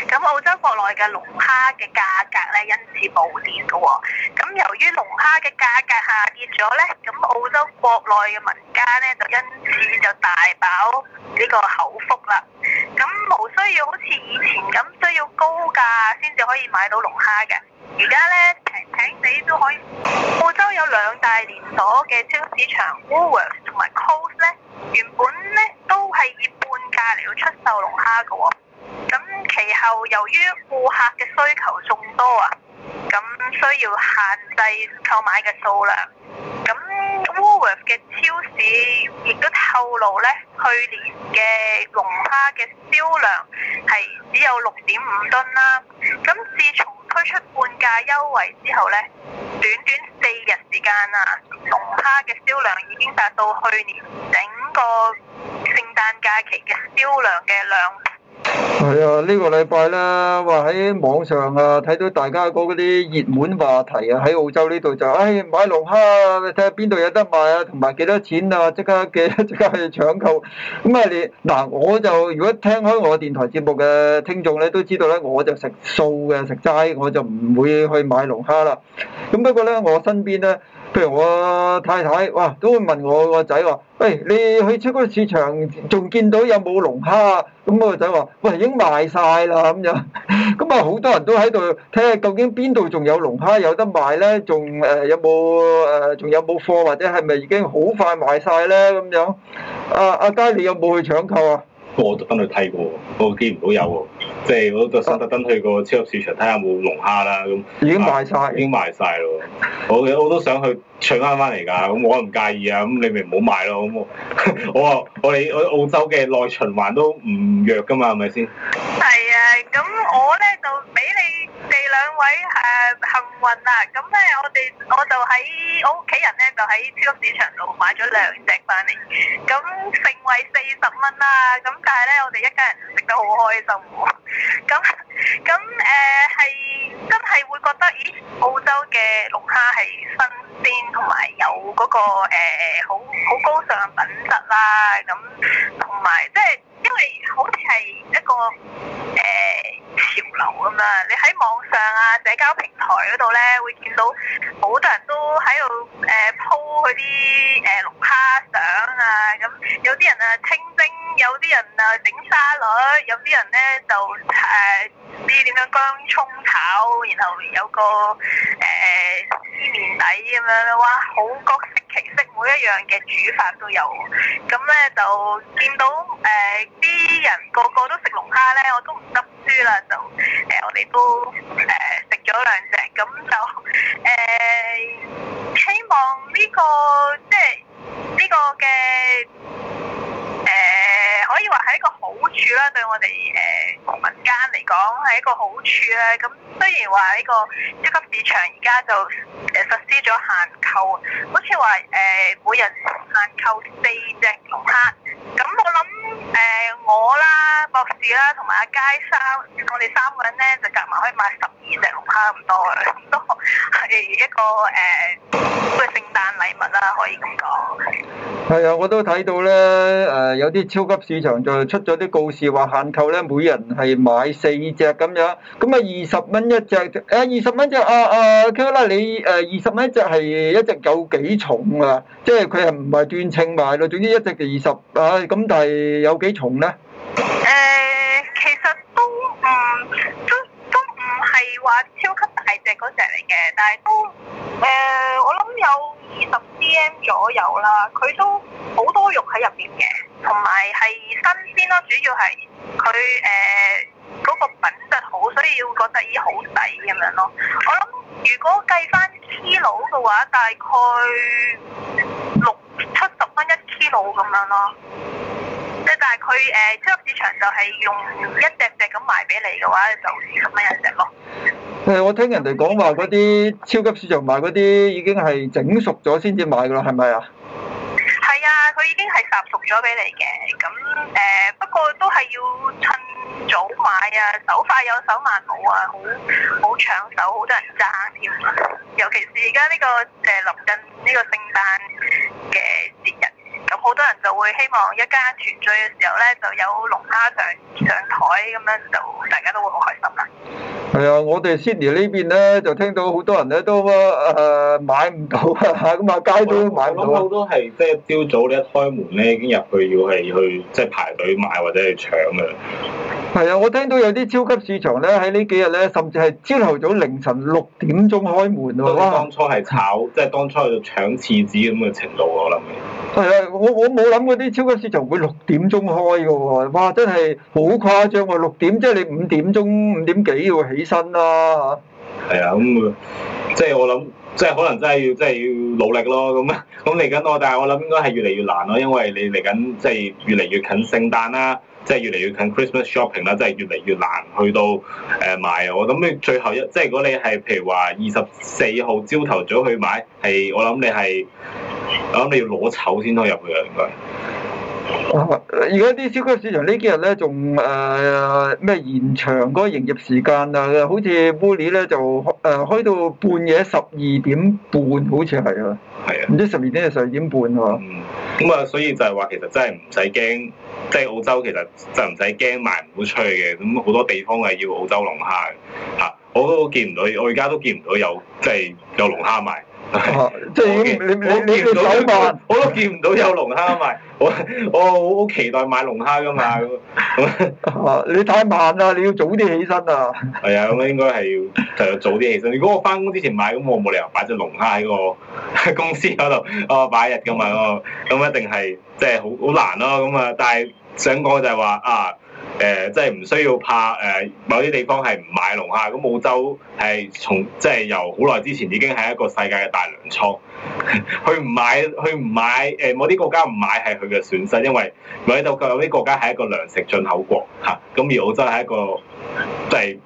咁澳洲國內嘅龍蝦嘅價格咧因此暴跌㗎喎，咁由於龍蝦嘅價格下跌咗咧，咁澳洲國內嘅民間咧就因此就大飽呢個口福啦。咁無需要好似以前咁需要高價先至可以買到龍蝦嘅。而家咧平平地都可以。澳洲有兩大連鎖嘅超市場，Woolworth 同埋 Coles 咧，原本咧都係以半價嚟到出售龍蝦嘅。咁其後由於顧客嘅需求眾多啊，咁需要限制購買嘅數量。咁 Woolworth 嘅超市亦都透露咧，去年嘅龍蝦嘅銷量係只有六點五噸啦。咁自從推出半價優惠之後咧，短短四日時間啊，龍蝦嘅銷量已經達到去年整個聖誕假期嘅銷量嘅兩倍。係啊，呢個禮拜咧，話喺網上啊睇到大家嗰啲熱門話題啊，喺澳洲呢度就，哎買龍蝦，你睇下邊度有得賣啊，同埋幾多錢啊，即刻嘅即刻去搶購。咁啊你，嗱我就如果聽開我電台節目嘅聽眾咧，都知道咧，我就食素嘅食齋，我就唔會去買龍蝦啦。咁不過咧，我身邊咧。譬如我太太哇，都會問我個仔話：喂，欸，你去出個市場，仲見到有冇龍蝦啊？咁個仔話：喂，已經賣晒啦咁樣。咁啊，好多人都喺度睇下究竟邊度仲有龍蝦有得賣咧？仲，誒有冇誒，仲有冇貨或者係咪已經好快賣晒咧？咁樣。阿，阿佳，你有冇去搶購啊？我都翻去睇過，我見唔到有喎。即係我就想特登去個超級市場睇下有冇龍蝦啦，咁，已經賣曬，已經賣曬咯。我我都想去搶翻翻嚟㗎，咁我唔介意啊，咁你咪唔好買咯，好冇？我話我哋我澳洲嘅內循環都唔弱㗎嘛，係咪先？係啊，咁我咧就俾你哋兩位誒幸運啦，咁咧我哋我就喺我屋企人咧就喺超級市場度買咗兩隻翻嚟，咁成為四十蚊啦，咁但係咧我哋一家人食得好開心喎。咁咁誒，係、呃、真係會覺得，咦？澳洲嘅龍蝦係新鮮同埋有嗰個誒誒好好高尚嘅品質啦。咁同埋即係。因為好似係一個誒、呃、潮流咁啊，你喺網上啊，社交平台嗰度咧，會見到好多人都喺度誒 po 啲誒龍蝦相啊，咁、嗯、有啲人啊清蒸，有啲人啊整沙律，有啲人咧就誒啲點樣姜葱炒，然後有個誒絲麵底咁樣，哇！好各式其式，每一樣嘅煮法都有，咁、嗯、咧、嗯、就見到誒。呃呃啲人個個都食龍蝦咧，我都唔執輸啦，就誒、呃，我哋都誒食咗兩隻咁就誒、呃、希望呢個即係呢個嘅。可以話係一個好處啦，對我哋誒民間嚟講係一個好處啦。咁雖然話呢個超級市場而家就誒實施咗限購，好似話誒每日限購四隻龍蝦。咁我諗誒、欸、我啦、博士啦同埋阿佳生，我哋三個人咧就夾埋可以買十二隻龍蝦咁多啦，都係一個嘅、欸、聖誕禮物啦，可以咁講。係啊，我都睇到咧誒，有啲超級市。就出咗啲告示，話限購咧，每人係買四隻咁樣，咁啊二十蚊一隻，誒二十蚊隻啊啊，佢、啊、啦你誒二十蚊一隻係一隻有幾重啊？即係佢係唔係斷稱買咯？總之一隻就二十啊，咁但係有幾重咧？誒，其實都唔都。係話超級大隻嗰隻嚟嘅，但係都誒、呃，我諗有二十 cm 左右啦。佢都好多肉喺入邊嘅，同埋係新鮮咯。主要係佢誒個品質好，所以會覺得依好抵咁樣咯。我諗如果計翻 kilo 嘅話，大概六七十蚊一 kilo 咁樣咯。即係，但係佢誒超級市場就係用一隻隻咁賣俾你嘅話，就二十蚊一隻咯。誒，我聽人哋講話，嗰啲超級市場賣嗰啲已經係整熟咗先至買噶啦，係咪啊？係啊，佢已經係烚熟咗俾你嘅。咁誒，不過都係要趁早買啊，手快有，手慢冇啊，好好搶手，好多人爭添啊。尤其是而家呢個誒臨近呢個聖誕嘅節日。好多人就會希望一家團聚嘅時候咧，就有龍蝦上上台咁樣，就大家都會好開心啦。係啊，我哋悉尼呢邊咧，就聽到好多人咧都誒、呃、買唔到，咁 啊街都買唔到。好多都係即係朝早你一開門咧，已經入去要係去即係排隊買或者係搶嘅。係啊，我聽到有啲超級市場咧喺呢幾日咧，甚至係朝頭早凌晨六點鐘開門喎。當初係炒，即係、嗯、當初去搶廁紙咁嘅程度，我諗係啊，我我冇諗過啲超級市場會六點鐘開嘅喎，哇！真係好誇張喎，六點即係你五點鐘五點幾要起身啦！係啊，咁即係我諗，即係可能真係要，真係要努力咯。咁咁嚟緊我，但係我諗應該係越嚟越難咯，因為你嚟緊即係越嚟越近聖誕啦。即係越嚟越近 Christmas shopping 啦，即係越嚟越難去到誒買啊！我諗你最後一，即係如果你係譬如話二十四號朝頭早去買，係我諗你係，我諗你，你要攞籌先可以入去啊！應該而家啲超級市場幾呢幾日咧，仲誒咩延長嗰個營業時間啊？好似玻璃 l 咧就誒、呃、開到半夜十二點半，好似係啊，係啊，唔知十二點定十二點半喎。咁啊、嗯，所以就係話其實真係唔使驚。即係澳洲其實就唔使驚賣唔到出去嘅，咁好多地方係要澳洲龍蝦嘅吓，我都見唔到，我而家都見唔到有即係有龍蝦賣。啊、即係你經，我見唔你到，你我都見唔到有龍蝦嘛。 我我好期待買龍蝦噶嘛。 啊！你太慢啦，你要早啲起身啊！係 啊、哎，應該係要就早啲起身。如果我返工之前買，咁我冇理由擺隻龍蝦喺個公司嗰度哦擺日噶嘛。哦，咁一定係即係好好難咯。咁啊，但係想講就係話啊。誒，即係唔需要怕誒、呃，某啲地方係唔買龍蝦咁。澳洲係從即係、就是、由好耐之前已經係一個世界嘅大糧倉，佢 唔買佢唔買誒、呃，某啲國家唔買係佢嘅損失，因為某啲國家有啲國家係一個糧食進口國嚇，咁、啊、而澳洲係一個即係、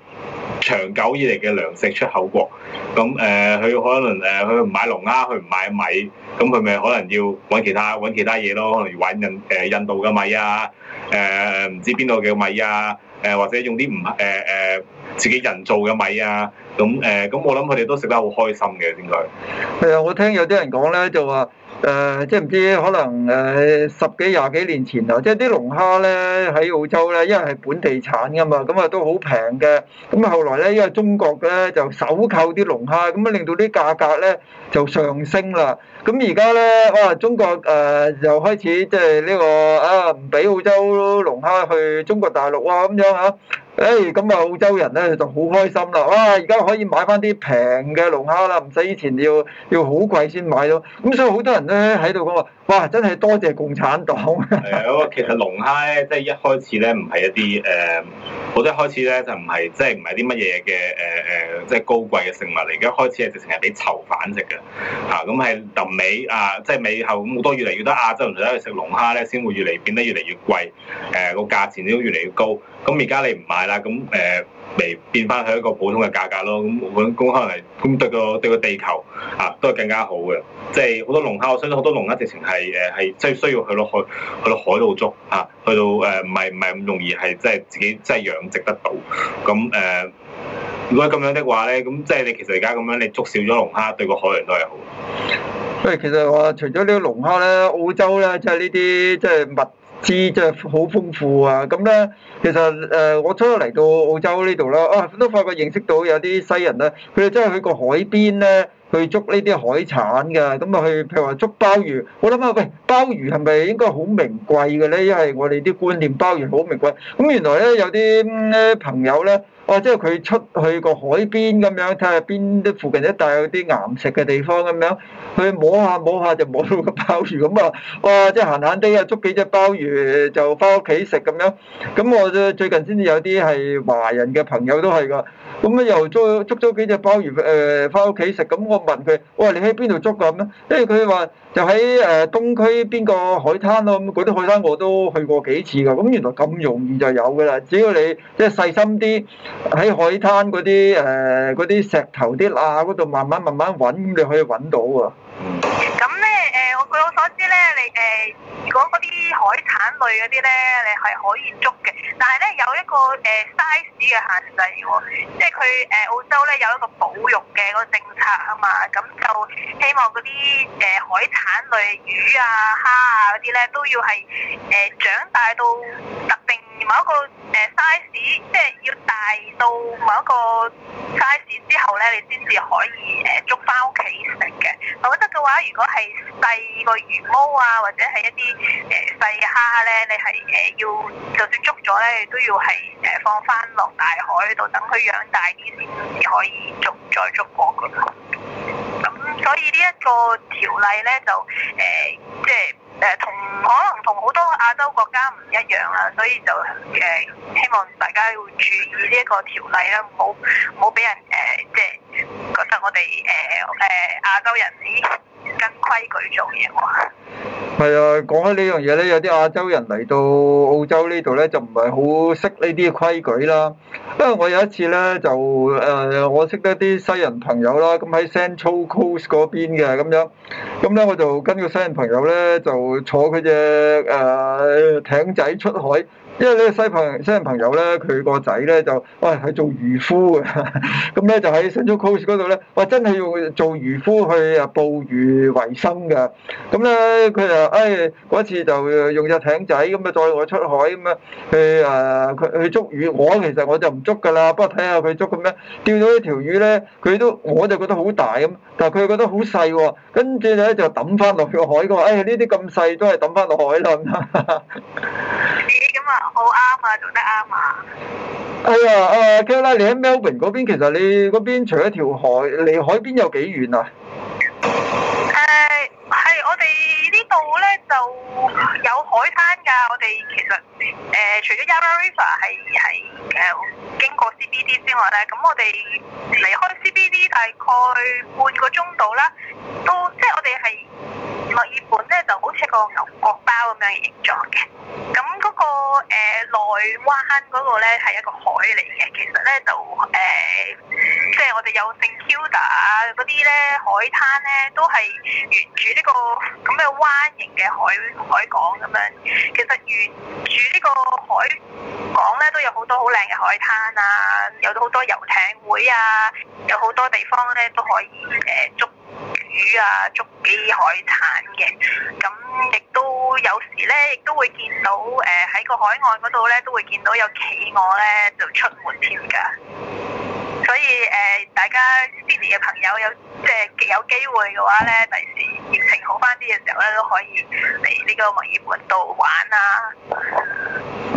就是、長久以嚟嘅糧食出口國。咁誒，佢、呃、可能誒佢唔買龍蝦，佢唔買米，咁佢咪可能要揾其他揾其他嘢咯，可能揾印誒印度嘅米啊。誒唔、呃、知邊度嘅米啊，誒、呃、或者用啲唔誒誒自己人造嘅米啊，咁誒咁我諗佢哋都食得好開心嘅，點解？係啊，我聽有啲人講咧，就話、是。誒、呃，即係唔知可能誒、呃、十幾廿幾年前啊，即係啲龍蝦咧喺澳洲咧，因為係本地產㗎嘛，咁啊都好平嘅。咁後來咧，因為中國咧就收購啲龍蝦，咁啊令到啲價格咧就上升啦。咁而家咧，哇、啊！中國誒又、呃、開始即係呢、這個啊，唔俾澳洲龍蝦去中國大陸啊咁樣嚇。誒咁啊，哎、澳洲人咧就好開心啦！哇，而家可以買翻啲平嘅龍蝦啦，唔使以前要要好貴先買到。咁所以好多人都喺度講話，哇！真係多謝共產黨。係 啊，其實龍蝦咧，即係一開始咧唔係一啲誒，好多開始咧就唔係，即係唔係啲乜嘢嘅誒誒，即係高貴嘅食物嚟。而家一開始係直情係俾囚犯食嘅。嚇，咁係臨尾啊，即係尾後咁好多越嚟越多，越嚟越多亞洲人嚟咗去食龍蝦咧，先會越嚟變得越嚟越貴。誒個價錢都越嚟越高。咁而家你唔買。咁誒，未變翻係一個普通嘅價格咯。咁咁可能係，咁對個對個地球啊，都係更加好嘅。即係好多龍蝦，我相信好多龍蝦，直情係誒係即係需要去到海，去到海度捉啊，去到誒唔係唔係咁容易係即係自己即係養殖得到。咁誒、呃，如果係咁樣的話咧，咁即係你其實而家咁樣，你捉少咗龍蝦，對個海洋都係好。誒，其實我除咗呢個龍蝦咧，澳洲咧，即係呢啲即係物。資質好豐富啊！咁咧，其實誒、呃，我初初嚟到澳洲呢度啦，啊，都發覺認識到有啲西人咧，佢哋真係去過海邊咧。去捉呢啲海產㗎，咁啊去譬如話捉鮑魚，我諗下，喂，鮑魚係咪應該好名貴嘅咧？因為我哋啲觀念鮑魚好名貴，咁原來咧有啲朋友咧，哇，即係佢出去個海邊咁樣，睇下邊啲附近一帶有啲岩石嘅地方咁樣，去摸下摸下就摸到個鮑魚咁啊！哇，即係閒閒哋啊，捉幾隻鮑魚就翻屋企食咁樣，咁我最近先至有啲係華人嘅朋友都係㗎。咁咧又捉捉咗幾隻鮑魚誒，返屋企食。咁我問佢：哇，你喺邊度捉㗎？咩？跟住佢話就喺誒東區邊個海灘咯。咁嗰啲海灘我都去過幾次㗎。咁原來咁容易就有㗎啦。只要你即係細心啲，喺海灘嗰啲誒啲石頭啲罅嗰度慢慢慢慢揾，咁你可以揾到㗎。即誒、呃，我據我所知咧，你、呃、誒，如果嗰啲海產類嗰啲咧，你係可以捉嘅，但係咧有一個誒、呃、size 嘅限制喎、哦，即係佢誒澳洲咧有一個保育嘅個政策啊嘛，咁就希望嗰啲誒海產類魚啊、蝦啊嗰啲咧都要係誒、呃、長大到特定。某一個誒 size，即係要大到某一個 size 之後咧，你先至可以誒捉翻屋企食嘅。我覺得嘅話，如果係細個魚毛啊，或者係一啲誒細蝦咧，你係誒要就算捉咗咧，你都要係誒放翻落大海度等佢養大啲先至可以捉，再捉過噶，咁所以條呢一個條例咧就誒、呃、即係。誒同可能同好多亞洲國家唔一樣啦，所以就誒、呃、希望大家要注意呢個條例啦，唔好唔好俾人誒即係。呃覺得我哋誒誒亞洲人只跟規矩做嘢喎。係啊，講開呢樣嘢咧，有啲亞洲人嚟到澳洲呢度咧，就唔係好識呢啲規矩啦。不過我有一次咧，就誒、呃、我識得啲西人朋友啦，咁喺 Central Coast 嗰邊嘅咁樣，咁咧我就跟個西人朋友咧就坐佢隻誒艇仔出海。因為呢個西朋西人朋友咧，佢個仔咧就，喂、哎、係做漁夫嘅，咁 咧就喺 Central Coast 嗰度咧，哇真係要做漁夫去啊捕魚為生嘅，咁咧佢就，哎嗰次就用隻艇仔咁啊載我出海咁啊去啊去去捉魚，我其實我就唔捉㗎啦，不過睇下佢捉咁咩，釣到一條魚咧，佢都我就覺得好大咁，但係佢又覺得好細喎，跟住咧就抌翻落個海，佢、哎、話，哎呢啲咁細都係抌翻落海啦。咁啊。好啱啊！做得啱啊！哎呀，啊、呃、Kelly 你喺 Melbourne 嗰邊，其實你嗰邊除咗條海，離海邊有幾遠啊？誒，係我哋。呢度咧就有海灘㗎，我哋其實誒、呃、除咗 Yarra River 係係誒經過 CBD 之外咧，咁我哋離開 CBD 大概半個鐘度啦，都即係我哋係墨爾本咧就好似一個牛角包咁樣形狀嘅。咁嗰、那個誒、呃、內灣嗰個咧係一個海嚟嘅，其實咧就誒、呃、即係我哋有聖 Kilda 嗰啲咧海灘咧都係沿住呢、這個咁嘅。灣型嘅海海港咁樣，其實沿住呢個海港咧，都有好多好靚嘅海灘啊，有好多遊艇會啊，有好多地方咧都可以誒捉魚啊、捉幾海產嘅。咁亦都有時咧，亦都會見到誒喺個海岸嗰度咧，都會見到有企鵝咧就出門添㗎。所以誒、呃，大家邊邊嘅朋友有即係有機會嘅話咧，第時疫情好返啲嘅時候咧，都可以嚟呢個墨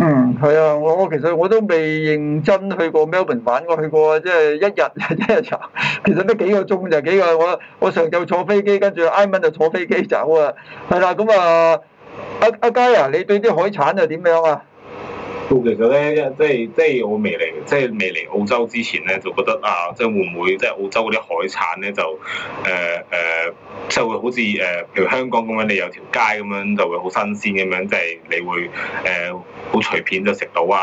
爾本度玩啊！嗯，係啊，我我其實我都未認真去過 Melbourne 玩，我去過啊，即係一日一日遊，其實都幾個鐘就幾個。我我上晝坐飛機，跟住挨晚就坐飛機走啊。係啦，咁啊，阿阿佳啊，啊 aya，你對啲海產又點樣啊？其實咧，即係即係我未嚟，即係未嚟澳洲之前咧，就覺得啊，即係會唔會即係澳洲嗰啲海產咧就誒誒，即係會好似誒，譬如香港咁樣，你有條街咁樣就會好新鮮咁樣，即係你會誒好隨便就食到啊。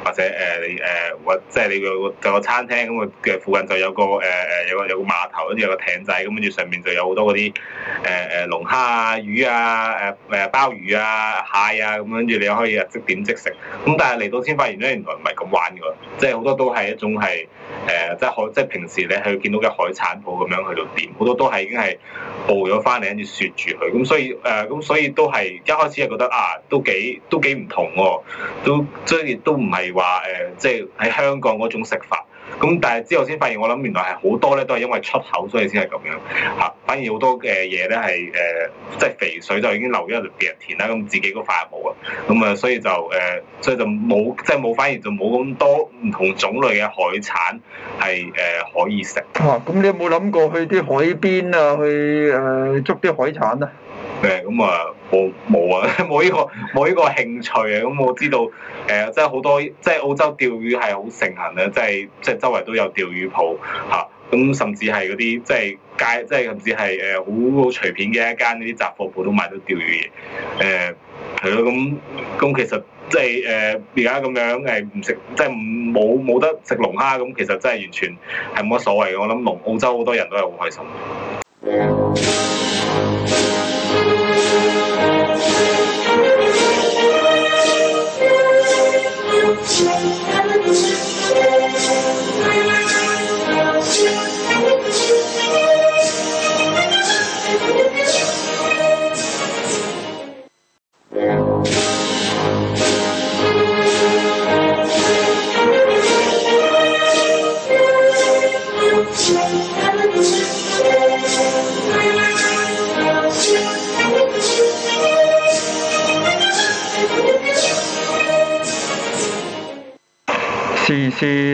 或者、呃或者呃就是、你，誒或即係你個個個餐廳咁嘅附近就有個誒誒有個有個碼頭，跟住有個艇仔，咁跟住上面就有好多嗰啲誒誒龍蝦、魚啊、誒誒鮑魚啊、蟹啊，咁跟住你可以即點即食。咁但係嚟到先發現咧，原來唔係咁玩㗎，即係好多都係一種係誒，即係海，即、就、係、是、平時你去見到嘅海產鋪咁樣去到店，好多都係已經係捕咗翻嚟，跟住雪住佢。咁所以誒，咁、呃、所以都係一開始係覺得啊，都幾都幾唔同喎、哦，都即係亦都唔係。話誒、呃，即係喺香港嗰種食法，咁但係之後先發現，我諗原來係好多咧，都係因為出口所以先係咁樣嚇、啊。反而好多嘅嘢咧係誒，即係肥水就已經流咗入別人田啦。咁自己嗰塊冇啊，咁啊，所以就誒、呃，所以就冇，即係冇，反而就冇咁多唔同種類嘅海產係誒、呃、可以食。哇、啊！咁你有冇諗過去啲海邊啊，去誒捉啲海產啊？誒咁啊，冇冇啊，冇 呢、依個冇依個興趣啊！咁、嗯、我知道誒、呃，真係好多，即係澳洲釣魚係好盛行啊，即係即係周圍都有釣魚鋪嚇，咁、啊、甚至係嗰啲即係街，即係甚至係誒好好隨便嘅一間呢啲雜貨鋪都買到釣魚嘢誒，係咯，咁咁其實即係誒而家咁樣誒唔食，即係冇冇得食龍蝦咁，其實、呃、真係完全係冇乜所謂嘅。我諗龍澳洲好多人都係好開心。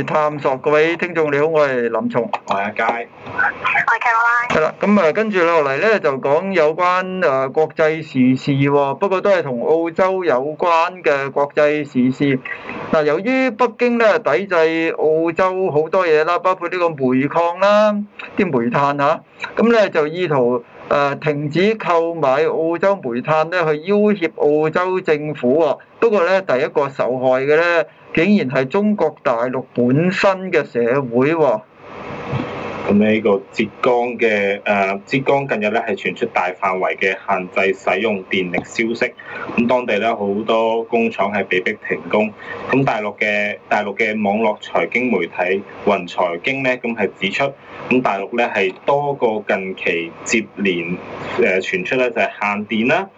探索各位聽眾，你好，我係林松，我係阿佳，我係 Caroline 啦，咁啊，跟住落嚟咧，就講有關啊國際時事喎，不過都係同澳洲有關嘅國際時事。嗱，由於北京咧抵制澳洲好多嘢啦，包括呢個煤礦啦、啲煤炭吓，咁咧就意圖誒停止購買澳洲煤炭咧，去要挾澳洲政府喎。不過咧，第一個受害嘅咧。竟然係中國大陸本身嘅社會喎、啊。咁呢個浙江嘅誒，浙江近日咧係傳出大範圍嘅限制使用電力消息，咁當地咧好多工廠係被逼停工。咁大陸嘅大陸嘅網絡財經媒體雲財經咧，咁係指出，咁大陸咧係多個近期接連誒、呃、傳出咧就係、是、限電啦、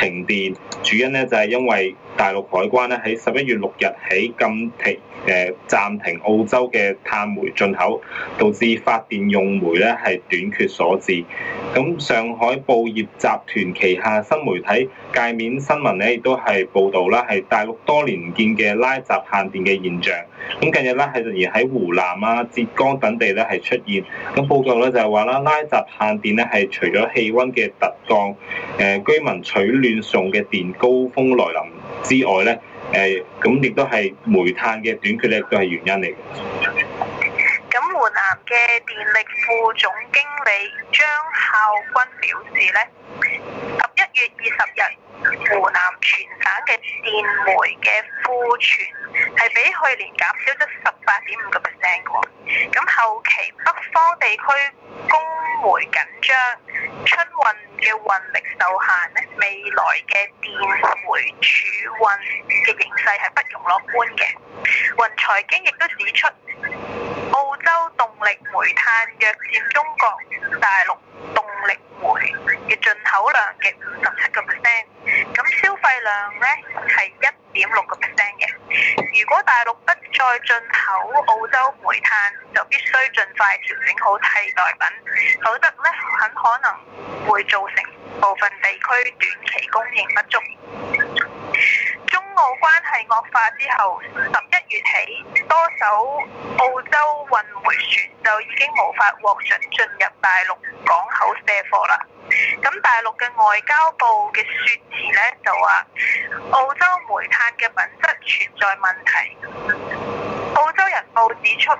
停電，主因咧就係、是、因為，大陸海關咧喺十一月六日起禁停誒暫停澳洲嘅碳煤進口，導致發電用煤咧係短缺所致。咁上海報業集團旗下新媒體界面新聞咧亦都係報導啦，係大陸多年唔見嘅拉閘限電嘅現象。咁近日咧仍然喺湖南啊、浙江等地咧係出現。咁報告咧就係話啦，拉閘限電咧係除咗氣温嘅突降，誒居民取暖送嘅電高峰來臨，之外咧，誒，咁亦都係煤炭嘅短缺咧，都係原因嚟嘅。咁湖南嘅電力副總經理張孝軍表示呢，十一月二十日湖南全省嘅電煤嘅庫存係比去年減少咗十八點五個 percent 嘅。咁後期北方地區供煤緊張，春運嘅運力受限咧，未來嘅電煤儲運嘅形勢係不容樂觀嘅。雲財經亦都指出。澳洲動力煤炭約占中國大陸動力煤嘅進口量嘅五十七個 percent，咁消費量咧係一點六個 percent 嘅。如果大陸不再進口澳洲煤炭，就必須盡快調整好替代品，否則咧很可能會造成部分地區短期供應不足。澳關係惡化之後，十一月起多艘澳洲運煤船就已經無法獲准進入大陸港口卸貨啦。咁大陸嘅外交部嘅説詞呢，就話，澳洲煤炭嘅品質存在問題。澳洲人報指出，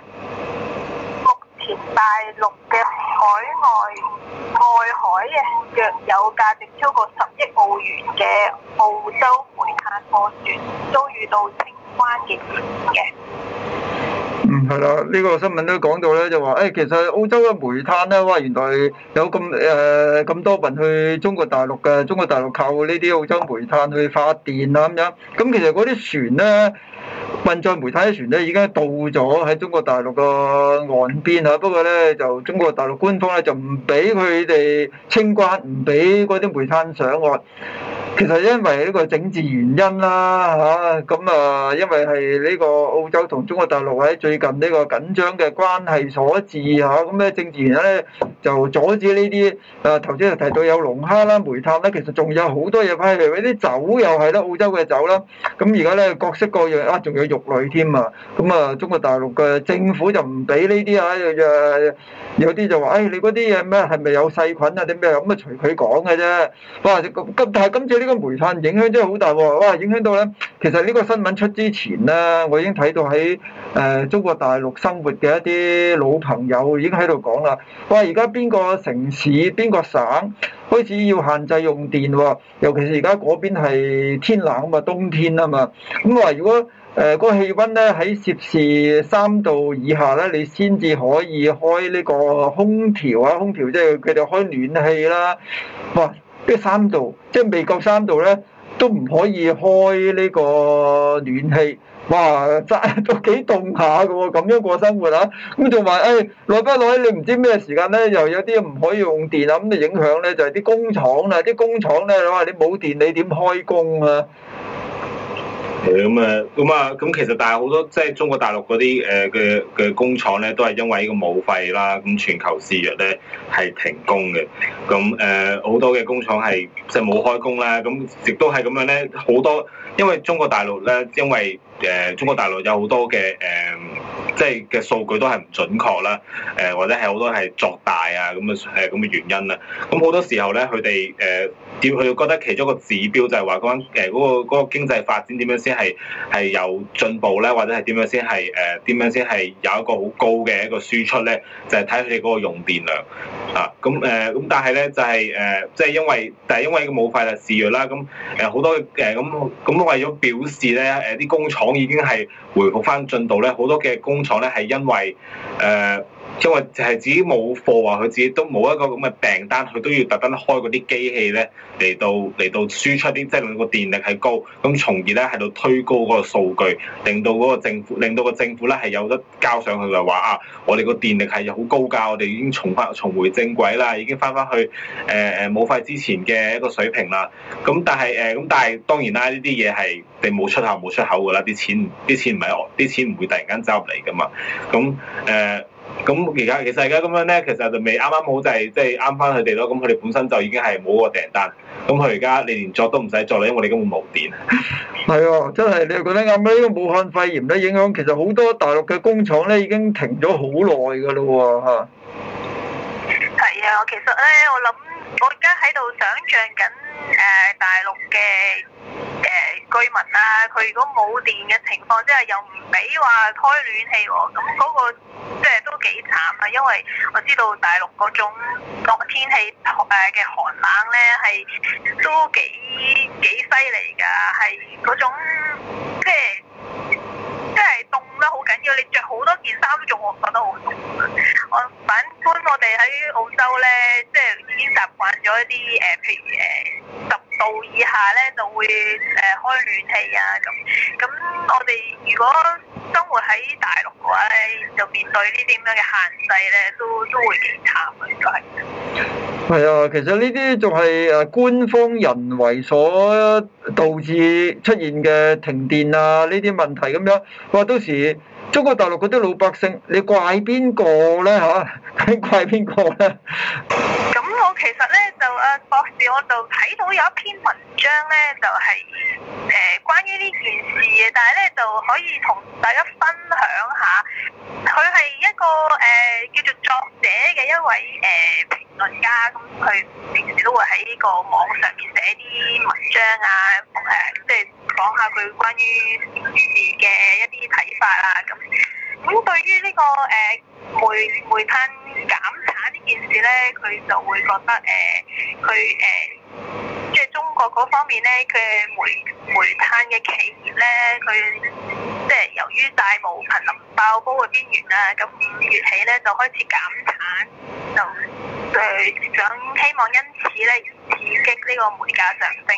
目前大陸嘅海外外海嘅約有價值超過十億澳元嘅澳洲煤炭貨船，都遇到清關嘅嘅。嗯，係啦，呢、這個新聞都講到咧，就話，誒，其實澳洲嘅煤炭咧，哇，原來有咁誒咁多運去中國大陸嘅，中國大陸靠呢啲澳洲煤炭去發電啊。咁樣。咁其實嗰啲船咧，運載煤炭嘅船咧，已經到咗喺中國大陸嘅岸邊啊。不過咧，就中國大陸官方咧，就唔俾佢哋清關，唔俾嗰啲煤炭上岸。其實因為呢個政治原因啦嚇，咁啊，因為係呢個澳洲同中國大陸喺最近呢個緊張嘅關係所致嚇，咁咧政治原因咧就阻止呢啲。誒頭先又提到有龍蝦啦、煤炭啦，其實仲有好多嘢批，譬如啲酒又係啦，澳洲嘅酒啦。咁而家咧，各式各樣啊，仲有肉類添啊。咁啊，中國大陸嘅政府就唔俾呢啲啊誒，有啲就話誒，你嗰啲嘢咩係咪有細菌啊啲咩咁啊，隨佢講嘅啫。哇！咁今但係今次呢？呢個煤炭影響真係好大喎！哇，影響到咧。其實呢個新聞出之前咧，我已經睇到喺誒中國大陸生活嘅一啲老朋友已經喺度講啦。哇！而家邊個城市、邊個省開始要限制用電喎？尤其是而家嗰邊係天冷啊嘛，冬天啊嘛。咁、嗯、話如果誒、呃個氣溫咧喺攝氏三度以下咧，你先至可以開呢個空調啊！空調即係佢哋開暖氣啦。哇！即係三度，即係未夠三度咧，都唔可以開呢個暖氣。哇，真係都幾凍下㗎喎，咁樣過生活啊！咁仲話落嚟落去，你唔知咩時間咧，又有啲唔可以用電啊，咁嘅影響咧，就係、是、啲工廠啦，啲工廠咧，你話你冇電，你點開工啊？咁誒，咁啊、嗯，咁、嗯嗯、其實但係好多即係、就是、中國大陸嗰啲誒嘅嘅工廠咧，都係因為呢個武肺啦，咁全球肆虐咧係停工嘅，咁誒好多嘅工廠係即係冇開工啦，咁亦都係咁樣咧，好多因為中國大陸咧，因為。誒中國大陸有好多嘅誒、呃，即係嘅數據都係唔準確啦，誒、呃、或者係好多係作大啊咁嘅誒咁嘅原因啦。咁好多時候咧，佢哋誒點佢覺得其中一個指標就係話嗰個誒嗰、呃那個嗰、那個經濟發展點樣先係係有進步咧，或者係點樣先係誒點樣先係有一個好高嘅一個輸出咧，就係睇佢哋嗰個用電量啊。咁誒咁但係咧就係誒即係因為但係因為冇法律制約啦，咁誒好多誒咁咁為咗表示咧誒啲工廠。已經係回復翻進度咧，好多嘅工廠咧係因為誒。呃因為就係自己冇貨，話佢自己都冇一個咁嘅訂單，佢都要特登開嗰啲機器咧，嚟到嚟到輸出啲，即係個電力係高，咁從而咧喺度推高嗰個數據，令到嗰個政府，令到個政府咧係有得交上去嘅話啊，我哋個電力係好高價，我哋已經重翻重回正軌啦，已經翻翻去誒誒冇曬之前嘅一個水平啦。咁但係誒，咁，呃，但係當然啦，呢啲嘢係你冇出口冇出口㗎啦，啲錢啲錢唔係啲錢唔會突然間走入嚟㗎嘛。咁誒。呃咁而家其實而家咁樣咧，其實就未啱啱好，就係即係啱翻佢哋咯。咁佢哋本身就已經係冇個訂單，咁佢而家你連作都唔使作啦，因為你根本冇電。係啊，真係你又覺得啱啱呢個武漢肺炎咧，影響其實好多大陸嘅工廠咧，已經停咗好耐㗎啦喎嚇。係啊，其實咧，我諗我而家喺度想像緊。誒、呃、大陸嘅誒、呃、居民啊，佢如果冇電嘅情況之下，又唔俾話開暖氣喎，咁嗰、那個即係、呃、都幾慘啊！因為我知道大陸嗰種個天氣誒嘅寒冷咧，係都幾幾犀利噶，係嗰種即係。就是即係凍得好緊要，你着好多件衫都仲覺得好凍啊，我反觀我哋喺澳洲咧，即係已經習慣咗一啲誒，譬如誒十度以下咧就會誒開暖氣啊咁。咁我哋如果生活喺大陸嘅話，就面對呢啲咁樣嘅限制咧，都都會幾慘嘅，都係。係啊，其實呢啲仲係誒官方人為所導致出現嘅停電啊，呢啲問題咁樣。話到時中國大陸嗰啲老百姓，你怪邊個咧？吓，你怪邊個咧？咁我其實咧就阿、啊、博士，我就睇到有一篇文章咧，就係、是、誒、呃、關於呢件事嘅，但係咧就可以同大家分享下，佢係一個誒、呃、叫做作者嘅一位誒、呃、評論家，咁、嗯、佢平時都會喺呢個網上面寫啲文章啊，誒即係講下佢關於件事嘅一啲睇法啊咁。嗯咁、嗯、對於呢、這個誒、呃、煤煤炭減產呢件事咧，佢就會覺得誒佢誒即係中國嗰方面咧，佢嘅煤煤炭嘅企業咧，佢即係由於債務瀕臨爆煲嘅邊緣啦，咁五月起咧就開始減產，就誒想、呃、希望因此咧，刺激呢個煤價上升，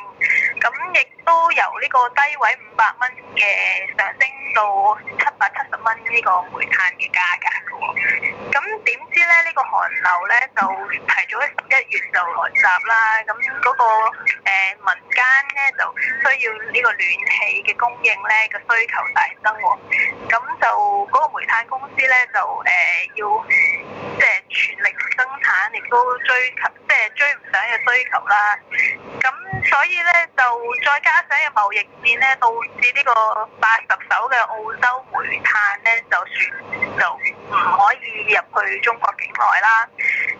咁亦都由呢個低位五百蚊嘅上升到七百七十蚊呢個煤炭嘅價格。咁點知咧呢個寒流咧就提早喺十一月就來襲啦。咁嗰個誒民間咧就需要呢個暖氣嘅供應咧個需求大增，咁就嗰個煤炭公司咧就誒要即係全力生產，亦都追及即係追唔上嘅需求。啦，咁所以咧就再加上貿易戰咧，導致呢個八十艘嘅澳洲煤炭咧就船就唔可以入去中國境內啦。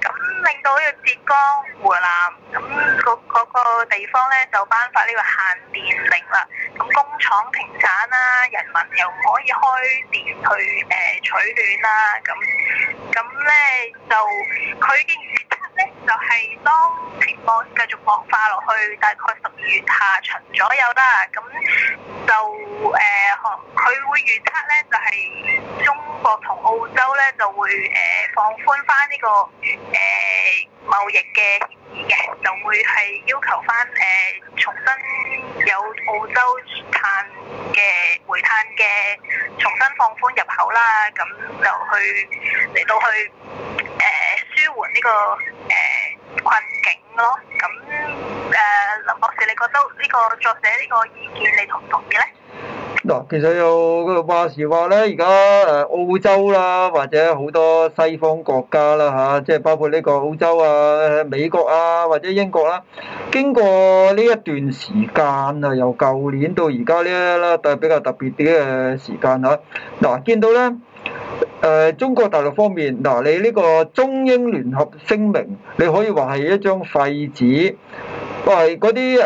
咁令到呢個浙江、湖南咁嗰嗰個地方咧就頒發呢個限電令啦。咁工廠停產啦，人民又唔可以開電去誒取暖啦。咁咁咧就佢嘅預測咧就係當情況。逐步惡化落去，大概十二月下旬左右啦。咁就誒，佢、呃、會預測咧，就係、是、中國同澳洲咧就會誒放寬翻呢個誒貿易嘅協議嘅，就會係、呃這個呃、要求翻誒、呃、重新有澳洲煤炭嘅煤炭嘅，重新放寬入口啦。咁就去嚟到去誒、呃、舒緩呢、這個誒。呃困境咯，咁誒林博士，你覺得呢個作者呢個意見，你同唔同意咧？嗱，其實有話時話咧，而家誒澳洲啦，或者好多西方國家啦嚇，即係包括呢個澳洲啊、美國啊或者英國啦，經過呢一段時間啊，由舊年到而家呢一啦，都係比較特別啲嘅時間啊。嗱，見到咧。誒、呃，中國大陸方面，嗱、呃，你呢個中英聯合聲明，你可以話係一張廢紙。哇、呃，嗰啲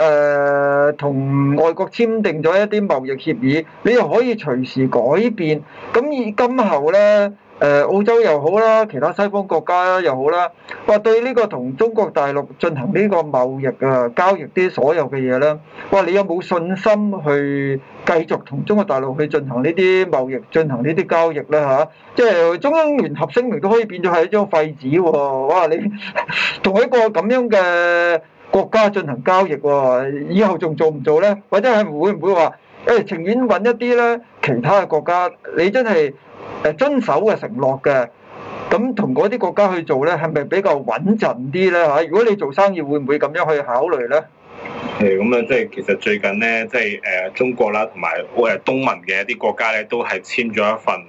誒，同外國簽訂咗一啲貿易協議，你又可以隨時改變。咁而今後咧，誒、呃，澳洲又好啦，其他西方國家又好啦，哇，對呢個同中國大陸進行呢個貿易啊交易，啲所有嘅嘢，咧，哇，你有冇信心去？繼續同中國大陸去進行呢啲貿易，進行呢啲交易啦嚇、啊，即係中英聯合聲明都可以變咗係一張廢紙喎！哇，你同一個咁樣嘅國家進行交易喎、啊，以後仲做唔做呢？或者係會唔會話，誒情願揾一啲呢其他嘅國家？你真係遵守嘅承諾嘅，咁同嗰啲國家去做呢，係咪比較穩陣啲呢？嚇、啊？如果你做生意，會唔會咁樣去考慮呢？誒咁樣，即係其實最近咧，即係誒中國啦，同埋誒東盟嘅一啲國家咧，都係簽咗一份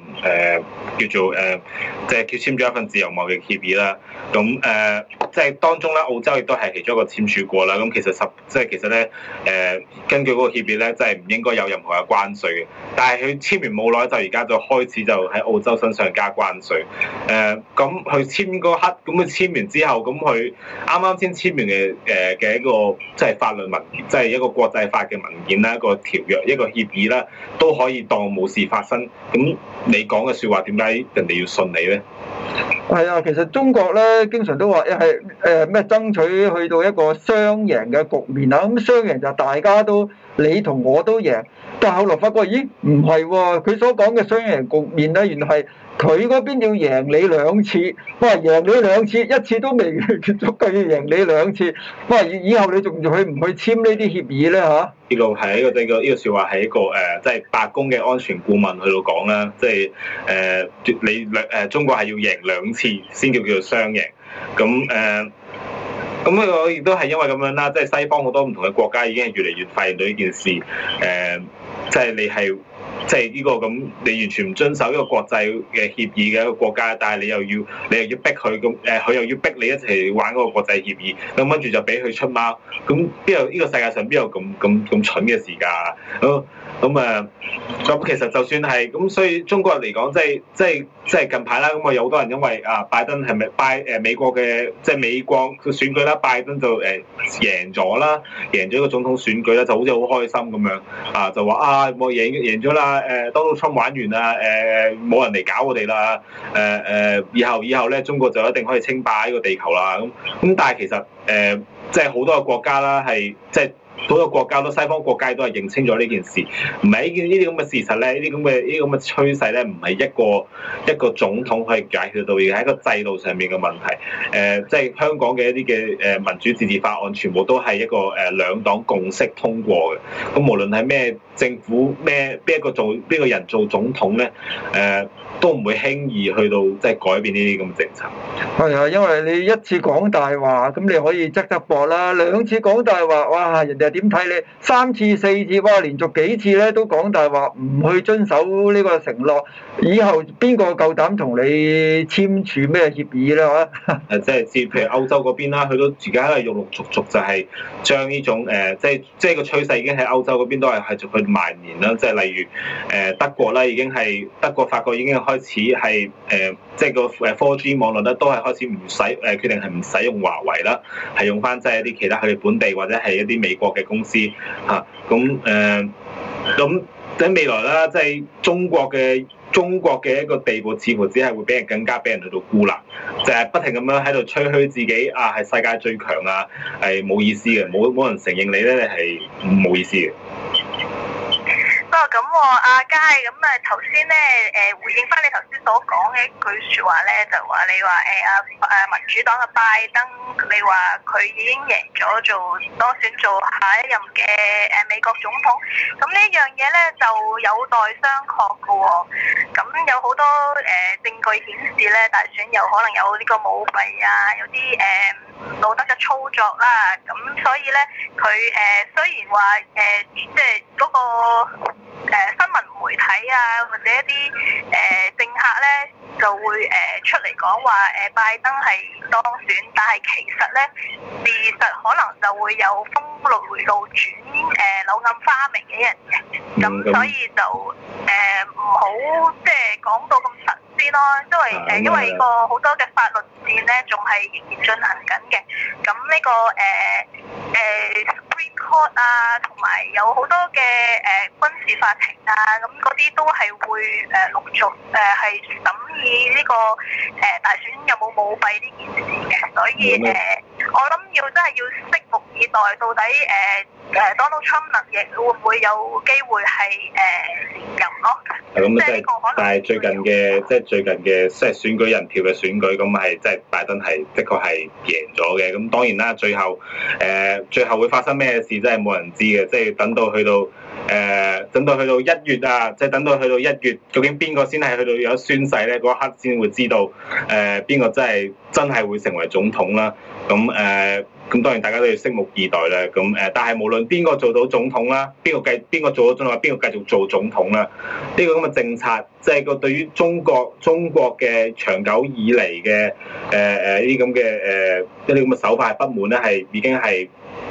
誒叫做誒，即係簽簽咗一份自由貿易協議啦。咁誒，即係、嗯就是、當中咧，澳洲亦都係其中一個簽署過啦。咁、嗯、其實十，即係其實咧，誒、嗯、根據嗰個協議咧，即係唔應該有任何嘅關稅嘅。但係佢簽完冇耐，就而家就開始就喺澳洲身上加關稅。誒、嗯，咁佢簽嗰刻，咁佢簽完之後，咁佢啱啱先簽完嘅誒嘅一個即係、就是、法律文，即、就、係、是、一個國際法嘅文件啦，一個條約一個協議啦，都可以當冇事發生。咁你講嘅說話點解人哋要信你咧？係啊，其實中國咧。經常都話又係誒咩爭取去到一個雙贏嘅局面啊。咁雙贏就大家都你同我都贏，但後來發覺咦唔係喎，佢、哦、所講嘅雙贏局面咧，原來係。佢嗰邊要贏你兩次，喂，贏你兩次，一次都未結束，佢要贏你兩次，喂，以後你仲要去唔去簽呢啲協議咧嚇？呢個係一個，呢個呢個説話，係一個誒，即係白宮嘅安全顧問去到講啦，即係誒，你誒中國係要贏兩次先叫叫做雙贏，咁誒，咁呢個亦都係因為咁樣啦，即係西方好多唔同嘅國家已經係越嚟越發現到呢件事，誒、嗯，即係你係。即係呢個咁，你完全唔遵守呢個國際嘅協議嘅一個國家，但係你又要你又要逼佢咁，誒、呃、佢又要逼你一齊玩嗰個國際協議，咁跟住就俾佢出貓，咁邊有呢、呢個世界上邊有咁咁咁蠢嘅事㗎？嗯。咁誒，咁、嗯、其實就算係咁，所以中國人嚟講，即係即係即係近排啦，咁啊有好多人因為啊拜登係咪拜誒、呃、美國嘅即係美國選舉啦，拜登就誒贏咗啦，贏咗個總統選舉啦，就好似好開心咁樣啊，就話啊我贏贏咗啦，誒 Donald Trump 玩完啦，誒、呃、冇人嚟搞我哋啦，誒、呃、誒以後以後咧，中國就一定可以稱霸呢個地球啦咁。咁、嗯、但係其實誒、呃，即係好多個國家啦，係即係。好多國家都西方國家都係認清咗呢件事，唔係呢件呢啲咁嘅事實咧，呢啲咁嘅呢啲咁嘅趨勢咧，唔係一個一個總統去解決到，而係一個制度上面嘅問題。誒，即係香港嘅一啲嘅誒民主自治法案，全部都係一個誒兩黨共識通過嘅。咁無論係咩政府咩邊一個做邊個人做總統咧，誒，都唔會輕易去到即係改變呢啲咁嘅政策。係啊，因為你一次講大話，咁你可以執執薄啦；兩次講大話，哇！人哋點睇你？三次、四次，哇！連續幾次咧都講大話，唔去遵守呢個承諾，以後邊個夠膽同你簽署咩協議咧？嚇！ 誒、呃，即係接，譬如歐洲嗰邊啦，佢都而家喺度陸陸續續就係將呢種誒，即係即係個趨勢已經喺歐洲嗰邊都係繼續去蔓延啦。即係例如誒德國啦，已經係德國、法國已經。開始係誒，即、呃、係個、就、誒、是、4G 網絡咧，都係開始唔使誒，決定係唔使用華為啦，係用翻即係一啲其他佢哋本地或者係一啲美國嘅公司嚇。咁、啊、誒，咁喺、呃、未來啦，即、就、係、是、中國嘅中國嘅一個地步，似乎只係會俾人更加俾人去到孤立，就係、是、不停咁樣喺度吹噓自己啊，係世界最強啊，係冇意思嘅，冇冇人承認你咧，你係冇意思嘅。不過咁喎，阿佳咁誒頭先咧誒回應翻你頭先所講嘅一句説話咧，就話你話誒阿誒民主黨嘅拜登，你話佢已經贏咗做多選做下一任嘅誒、呃、美國總統，咁呢樣嘢咧就有待商榷㗎喎。咁有好多誒、呃、證據顯示咧，大選有可能有呢個舞弊啊，有啲誒道德嘅操作啦。咁所以咧，佢誒、呃、雖然話誒即係嗰個。誒、呃，新聞媒體啊，或者一啲誒、呃、政客咧，就會誒、呃、出嚟講話，誒、呃、拜登係當選，但係其實咧事實可能就會有峰回路轉，誒、呃、柳暗花明嘅人嘅，咁、嗯、所以就誒唔好即係講到咁神。呃呃啲咯，因為誒，因為呢個好多嘅法律戰咧，仲係仍然進行緊嘅。咁呢、呢個誒、呃呃、Supreme Court 啊，同埋有好多嘅誒、呃、軍事法庭啊，咁嗰啲都係會誒、呃、陸續誒係審議呢個誒、呃、大選有冇舞弊呢件事嘅。所以誒、呃，我諗要真係要拭目以待，到底誒。呃誒 Donald Trump 亦會唔會有機會係誒連任咯？咁、呃，即係、嗯就是、但係最近嘅，即係最近嘅，即、就、係、是、選舉人票嘅選舉，咁係即係拜登係的確係贏咗嘅。咁當然啦，最後誒、呃、最後會發生咩事真係冇人知嘅。即、就、係、是、等到去到誒、呃、等到去到一月啊，即、就、係、是、等到去到一月，究竟邊個先係去到有宣誓咧？嗰一刻先會知道誒邊個真係真係會成為總統啦。咁誒。呃咁當然大家都要拭目以待啦。咁誒，但係無論邊個做到總統啦，邊個繼邊個做到總統，邊個繼續做總統啦，呢個咁嘅政策，即係個對於中國中國嘅長久以嚟嘅誒誒呢啲咁嘅誒一啲咁嘅手法係不滿咧，係已經係。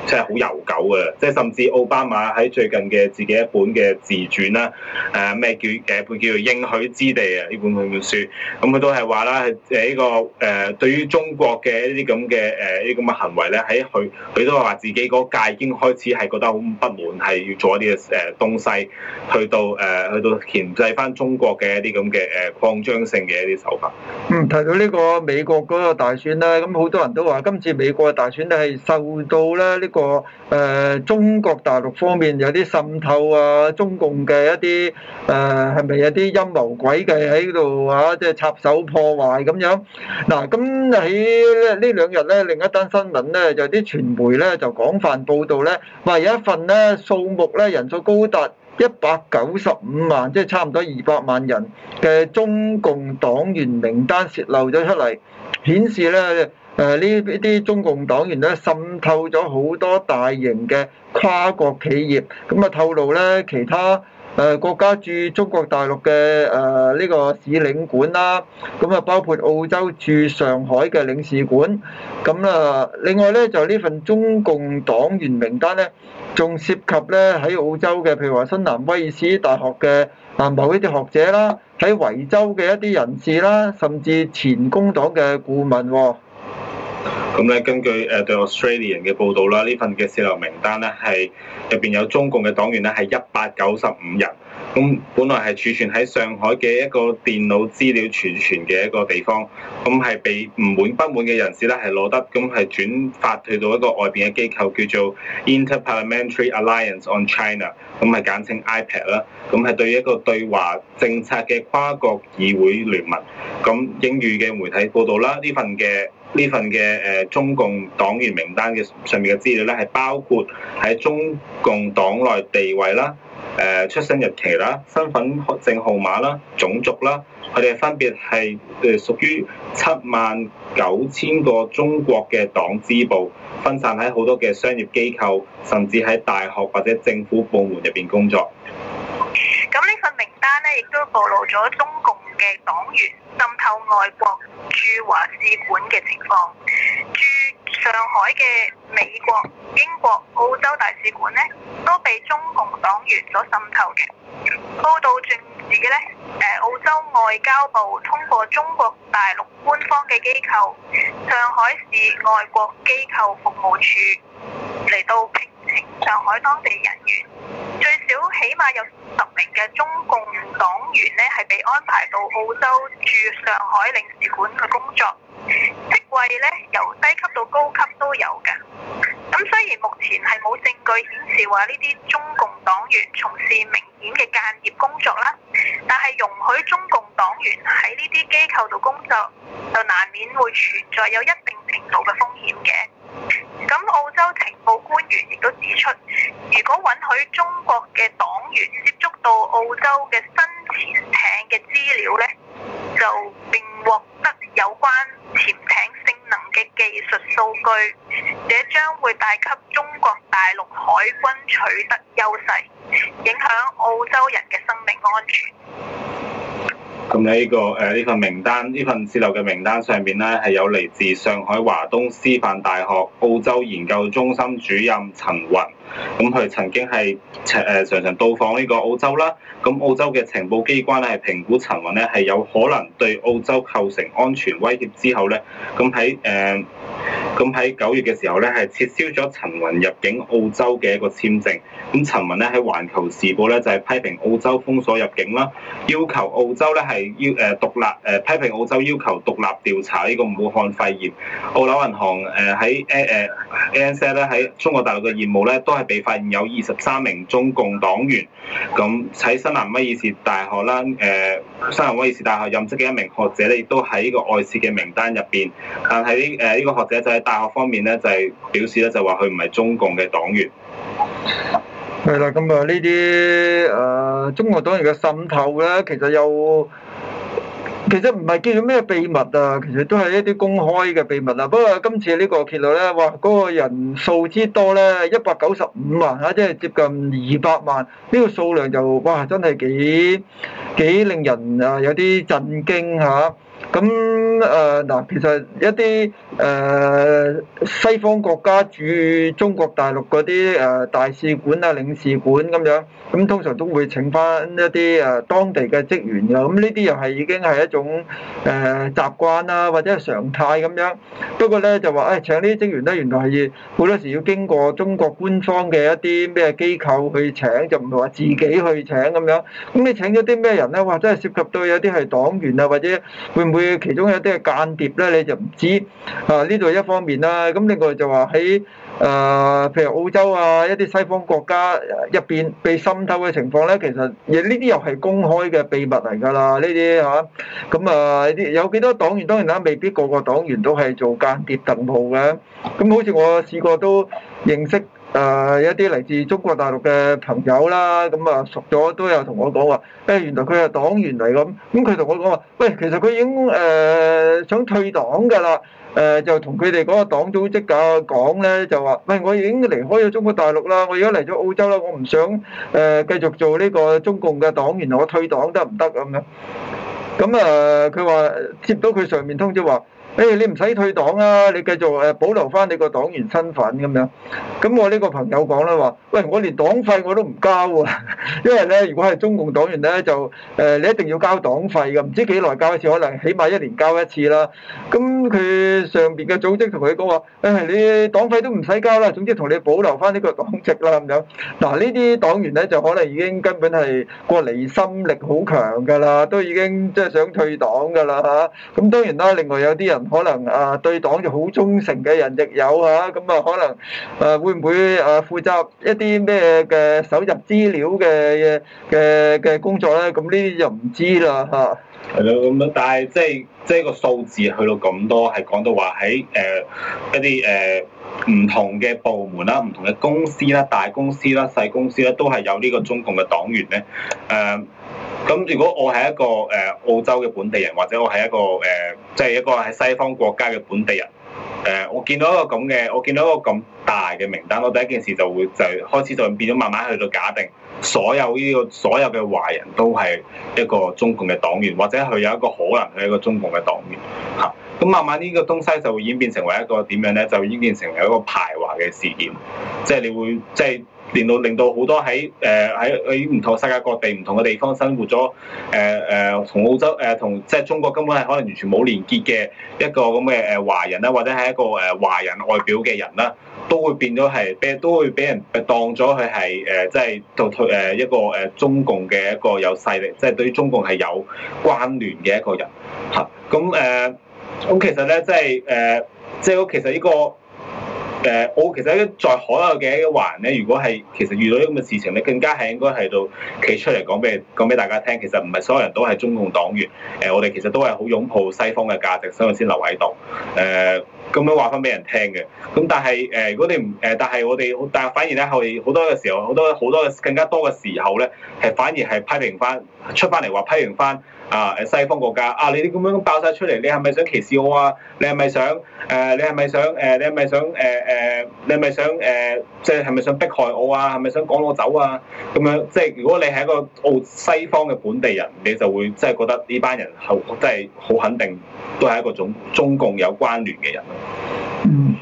即係好悠久嘅，即係甚至奧巴馬喺最近嘅自己一本嘅自傳啦，誒、啊、咩叫一本叫做應許之地啊呢本呢本書，咁佢都係話啦，誒呢、這個誒、呃、對於中國嘅一啲咁嘅誒呢啲咁嘅行為咧，喺佢佢都係話自己嗰屆已經開始係覺得好不滿，係要做一啲誒東西，去到誒、啊、去到限制返中國嘅一啲咁嘅誒擴張性嘅一啲手法。嗯，提到呢個美國嗰個大選啦，咁好多人都話今次美國嘅大選都係受到咧、這、呢、個。個誒中國大陸方面有啲滲透啊，中共嘅一啲誒係咪有啲陰謀詭計喺度啊？即係插手破壞咁樣。嗱，咁喺呢兩日咧，另一單新聞咧，就啲傳媒咧就廣泛報道咧，話有一份咧數目咧人數高達一百九十五萬，即係差唔多二百萬人嘅中共黨員名單洩漏咗出嚟，顯示咧。誒呢一啲中共黨員咧滲透咗好多大型嘅跨國企業，咁啊透露咧其他誒國家駐中國大陸嘅誒呢個使領館啦，咁啊包括澳洲駐上海嘅領事館，咁啊另外咧就呢份中共黨員名單咧，仲涉及咧喺澳洲嘅，譬如話新南威爾斯大學嘅啊某一啲學者啦，喺維州嘅一啲人士啦，甚至前工黨嘅顧問喎。咁咧，根據誒對 Australian 嘅報道啦，呢份嘅泄漏名單咧係入邊有中共嘅黨員咧係一百九十五人。咁本來係儲存喺上海嘅一個電腦資料儲存嘅一個地方，咁係被唔滿不滿嘅人士咧係攞得，咁係轉發去到一個外邊嘅機構叫做 Interparliamentary Alliance on China，咁係簡稱 IPAD 啦。咁係對於一個對華政策嘅跨國議會聯盟。咁英語嘅媒體報道啦，呢份嘅。呢份嘅誒中共黨員名單嘅上面嘅資料咧，係包括喺中共黨內地位啦、誒出生日期啦、身份證號碼啦、種族啦，佢哋分別係誒屬於七萬九千個中國嘅黨支部，分散喺好多嘅商業機構，甚至喺大學或者政府部門入邊工作。咁呢份名單呢，亦都暴露咗中共嘅黨員滲透外國駐華使館嘅情況。駐上海嘅美國、英國、澳洲大使館呢，都被中共黨員所滲透嘅。報道證實嘅咧，澳洲外交部通過中國大陸官方嘅機構，上海市外國機構服務處嚟到聘請上海當地人員。起碼有十名嘅中共黨員呢，係被安排到澳洲駐上海領事館嘅工作，職位呢，由低級到高級都有嘅。咁雖然目前係冇證據顯示話呢啲中共黨員從事明顯嘅間諜工作啦，但係容許中共黨員喺呢啲機構度工作，就難免會存在有一定程度嘅風險嘅。咁澳洲情報官員亦都指出，如果允許中國嘅黨員接觸到澳洲嘅新潛艇嘅資料呢，就並獲得有關潛艇性能嘅技術數據，這將會帶給中國大陸海軍取得優勢，影響澳洲人嘅生命安全。咁喺呢個誒呢份名單，呢份置留嘅名單上面呢，係有嚟自上海華東師範大學澳洲研究中心主任陳雲。咁佢曾經係常誒常常到訪呢個澳洲啦，咁澳洲嘅情報機關咧係評估陳雲咧係有可能對澳洲構成安全威脅之後咧，咁喺誒，咁喺九月嘅時候咧係撤銷咗陳雲入境澳洲嘅一個簽證。咁陳雲咧喺《環球時報》呢咧就係、是、批評澳洲封鎖入境啦，要求澳洲咧係要誒、呃、獨立誒、呃、批評澳洲要求獨立調查呢、呢個武漢肺炎。澳紐銀行誒喺誒誒 ANZ 咧喺中國大陸嘅業務咧都係。被發現有二十三名中共黨員，咁喺新南威爾士大學啦，誒、呃，新南威爾士大學任職嘅一名學者咧，亦都喺呢個外泄嘅名單入邊。但係呢呢個學者就喺大學方面咧，就係、是、表示咧，就話佢唔係中共嘅黨員。係啦，咁啊呢啲誒中共黨員嘅滲透咧，其實有。其實唔係叫做咩秘密啊，其實都係一啲公開嘅秘密啊。不過今次呢個揭露咧，哇，嗰個人數之多咧，一百九十五萬啊，即係接近二百萬，呢個數量就哇，真係幾幾令人啊有啲震驚嚇啊。咁誒嗱，其實一啲誒、呃、西方國家駐中國大陸嗰啲誒大使館啊、領事館咁樣，咁、嗯、通常都會請翻一啲誒當地嘅職員啦。咁呢啲又係已經係一種誒、呃、習慣啊，或者係常態咁樣。不過咧就話誒、哎、請呢啲職員咧，原來係好多時要經過中國官方嘅一啲咩機構去請，就唔係話自己去請咁樣。咁、嗯、你、嗯、請咗啲咩人咧？或者係涉及到有啲係黨員啊，或者會唔會？其中有啲係間諜咧，你就唔知啊！呢度一方面啦，咁另外就話喺誒，譬如澳洲啊，一啲西方國家入邊被滲透嘅情況咧，其實亦呢啲又係公開嘅秘密嚟㗎啦。呢啲吓，咁啊，有幾多黨員當然啦，未必個個黨員都係做間諜特務嘅。咁好似我試過都認識。誒有一啲嚟自中國大陸嘅朋友啦，咁啊熟咗都有同我講話，誒原來佢係黨員嚟咁，咁佢同我講話，喂，其實佢已經誒、呃、想退黨㗎啦，誒、呃、就同佢哋嗰個黨組織噶講咧，就話，喂，我已經離開咗中國大陸啦，我而家嚟咗澳洲啦，我唔想誒、呃、繼續做呢個中共嘅黨員，我退黨得唔得咁樣？咁啊，佢、呃、話接到佢上面通知話。誒、哎、你唔使退黨啊！你繼續誒保留翻你個黨員身份咁樣。咁我呢個朋友講啦話，喂，我連黨費我都唔交啊！因為咧，如果係中共黨員咧，就誒、呃、你一定要交黨費㗎，唔知幾耐交一次，可能起碼一年交一次啦。咁佢上邊嘅組織同佢講話，誒、哎、你黨費都唔使交啦，總之同你保留翻呢個黨籍啦，咁樣。嗱，呢啲黨員咧就可能已經根本係個離心力好強㗎啦，都已經即係想退黨㗎啦嚇。咁當然啦，另外有啲人。可能啊，對黨就好忠誠嘅人亦有啊。咁啊可能誒會唔會誒負責一啲咩嘅蒐集資料嘅嘅嘅工作咧？咁呢啲就唔知啦嚇。係咯，咁樣，但係即係即係個數字去到咁多，係講到話喺誒一啲誒唔同嘅部門啦、唔同嘅公司啦、大公司啦、細公司咧，都係有呢個中共嘅黨員咧。嗯、呃。咁如果我係一個誒、呃、澳洲嘅本地人，或者我係一個誒，即、呃、係、就是、一個喺西方國家嘅本地人，誒、呃，我見到一個咁嘅，我見到一個咁大嘅名單，我第一件事就會就是、開始就變咗，慢慢去到假定所，所有呢個所有嘅華人都係一個中共嘅黨員，或者佢有一個可能係一個中共嘅黨員，嚇、啊，咁慢慢呢個東西就會演變成為一個點樣咧？就會演變成為一個排華嘅事件，即、就、係、是、你會即係。就是令到好多喺誒喺喺唔同世界各地唔同嘅地方生活咗誒誒同澳洲誒同、呃、即係中國根本係可能完全冇連結嘅一個咁嘅誒華人啦，或者係一個誒華人外表嘅人啦，都會變咗係俾都會俾人當咗佢係誒即係就退誒一個誒中共嘅一個有勢力，即係對於中共係有關聯嘅一個人嚇。咁誒咁其實咧即係誒即係其實呢、呃其實呢個。誒，我其實在海外嘅一環咧，如果係其實遇到呢咁嘅事情咧，更加係應該係到企出嚟講俾講俾大家聽，其實唔係所有人都係中共黨員，誒，我哋其實都係好擁抱西方嘅價值，所以先留喺度，誒、呃，咁樣話翻俾人聽嘅。咁但係誒，如果你唔誒，但係我哋，但係反而咧，係好多嘅時候，好多好多嘅更加多嘅時候咧，係反而係批評翻出翻嚟話批評翻。啊！西方國家啊，你哋咁樣爆晒出嚟，你係咪想歧視我啊？你係咪想誒、呃？你係咪想誒、呃？你係咪想誒誒、呃？你係咪想誒？即係係咪想逼害我啊？係咪想趕我走啊？咁樣即係如果你係一個澳西方嘅本地人，你就會即係覺得呢班人後即係好肯定，都係一個種中共有關聯嘅人。嗯，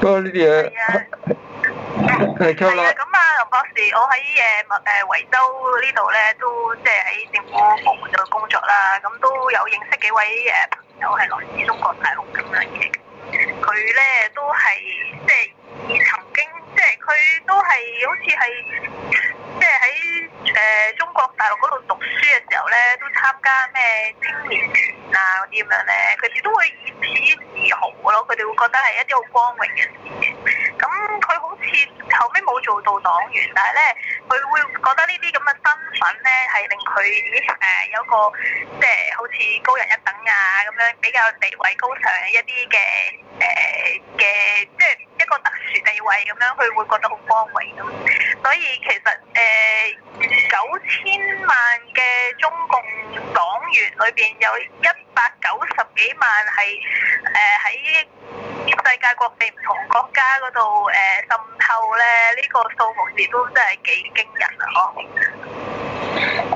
不過呢啲嘢。 係啊，咁啊，林博士，我喺誒誒維州呢度咧，都即係喺政府部門度工作啦，咁都有認識幾位誒朋友係來自中國大陸咁樣嘅，佢咧都係即係。而曾經即係佢都係好似係，即係喺誒中國大陸嗰度讀書嘅時候咧，都參加咩青年團啊嗰啲咁樣咧，佢哋都會以此自豪咯。佢哋會覺得係一啲好光榮嘅事。咁佢好似後尾冇做到黨員，但係咧佢會覺得呢啲咁嘅身份咧係令佢誒有個即係好似高人一等啊咁樣，比較地位高尚一啲嘅誒嘅即係。一個特殊地位咁樣，佢會覺得好光榮咁，所以其實誒九千萬嘅中共黨員裏邊有一百九十幾萬係誒喺世界各地唔同國家嗰度誒滲透咧，呢、呢個數目字，都真係幾驚人啊！嗬、嗯、～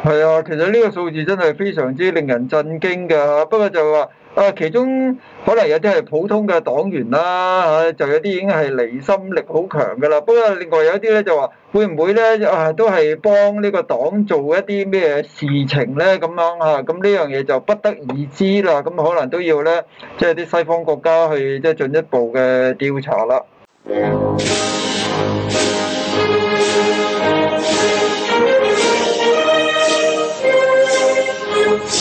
係啊，其實呢個數字真係非常之令人震驚噶。不過就話啊，其中可能有啲係普通嘅黨員啦，就有啲已經係離心力好強噶啦。不過另外有啲咧就話會唔會咧啊，都係幫呢個黨做一啲咩事情咧？咁樣吓，咁呢樣嘢，就不得而知啦。咁可能都要咧，即係啲西方國家去即係進一步嘅調查啦。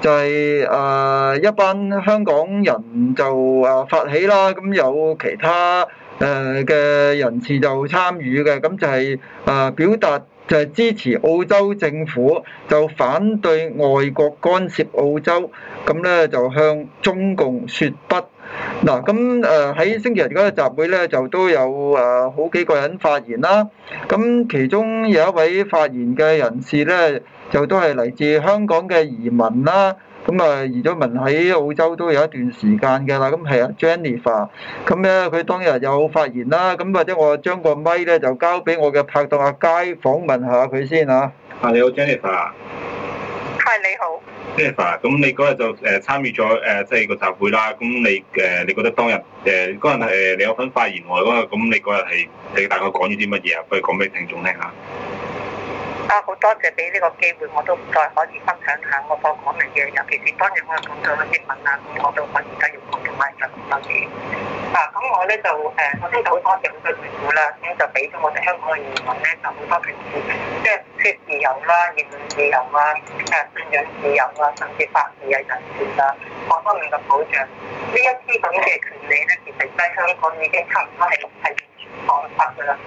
就係誒一班香港人就誒發起啦，咁有其他誒嘅人士就參與嘅，咁就係誒表達就係、是、支持澳洲政府，就反對外國干涉澳洲，咁咧就向中共説不。嗱，咁誒喺星期日嗰個集會咧，就都有誒好幾個人發言啦。咁其中有一位發言嘅人士咧，就都係嚟自香港嘅移民啦。咁啊移咗民喺澳洲都有一段時間嘅啦。咁係啊，Jennifer。咁咧佢當日有發言啦。咁或者我將個咪咧就交俾我嘅拍檔阿佳訪問下佢先嚇。啊，你好，Jennifer。Hi，你好。Jennifer Hi, 你好。Stephen，咁你嗰日就誒參與咗誒即係個集會啦。咁你誒你覺得當日誒嗰日你有份發言喎嗰日，咁你嗰日係你大概講咗啲乜嘢啊？可以講俾聽眾聽下。啊，好多謝俾呢個機會，我都唔再可以分享下我所講嘅嘢，尤其是當日我有咁多嘅英文啊，我都可以繼續。唔係殖民爭議咁我咧就誒，首、啊、先、嗯、就好多政府嘅維護啦，咁就俾咗我哋香港嘅移民咧，就好多權益，即係説自由啦、啊、言論自由啦、啊、誒信仰自由啦、啊，甚至法治嘅人權啦、啊，各方面嘅保障。呢一啲咁嘅權利咧，其實喺香港已經差唔多係係完全獲得噶啦。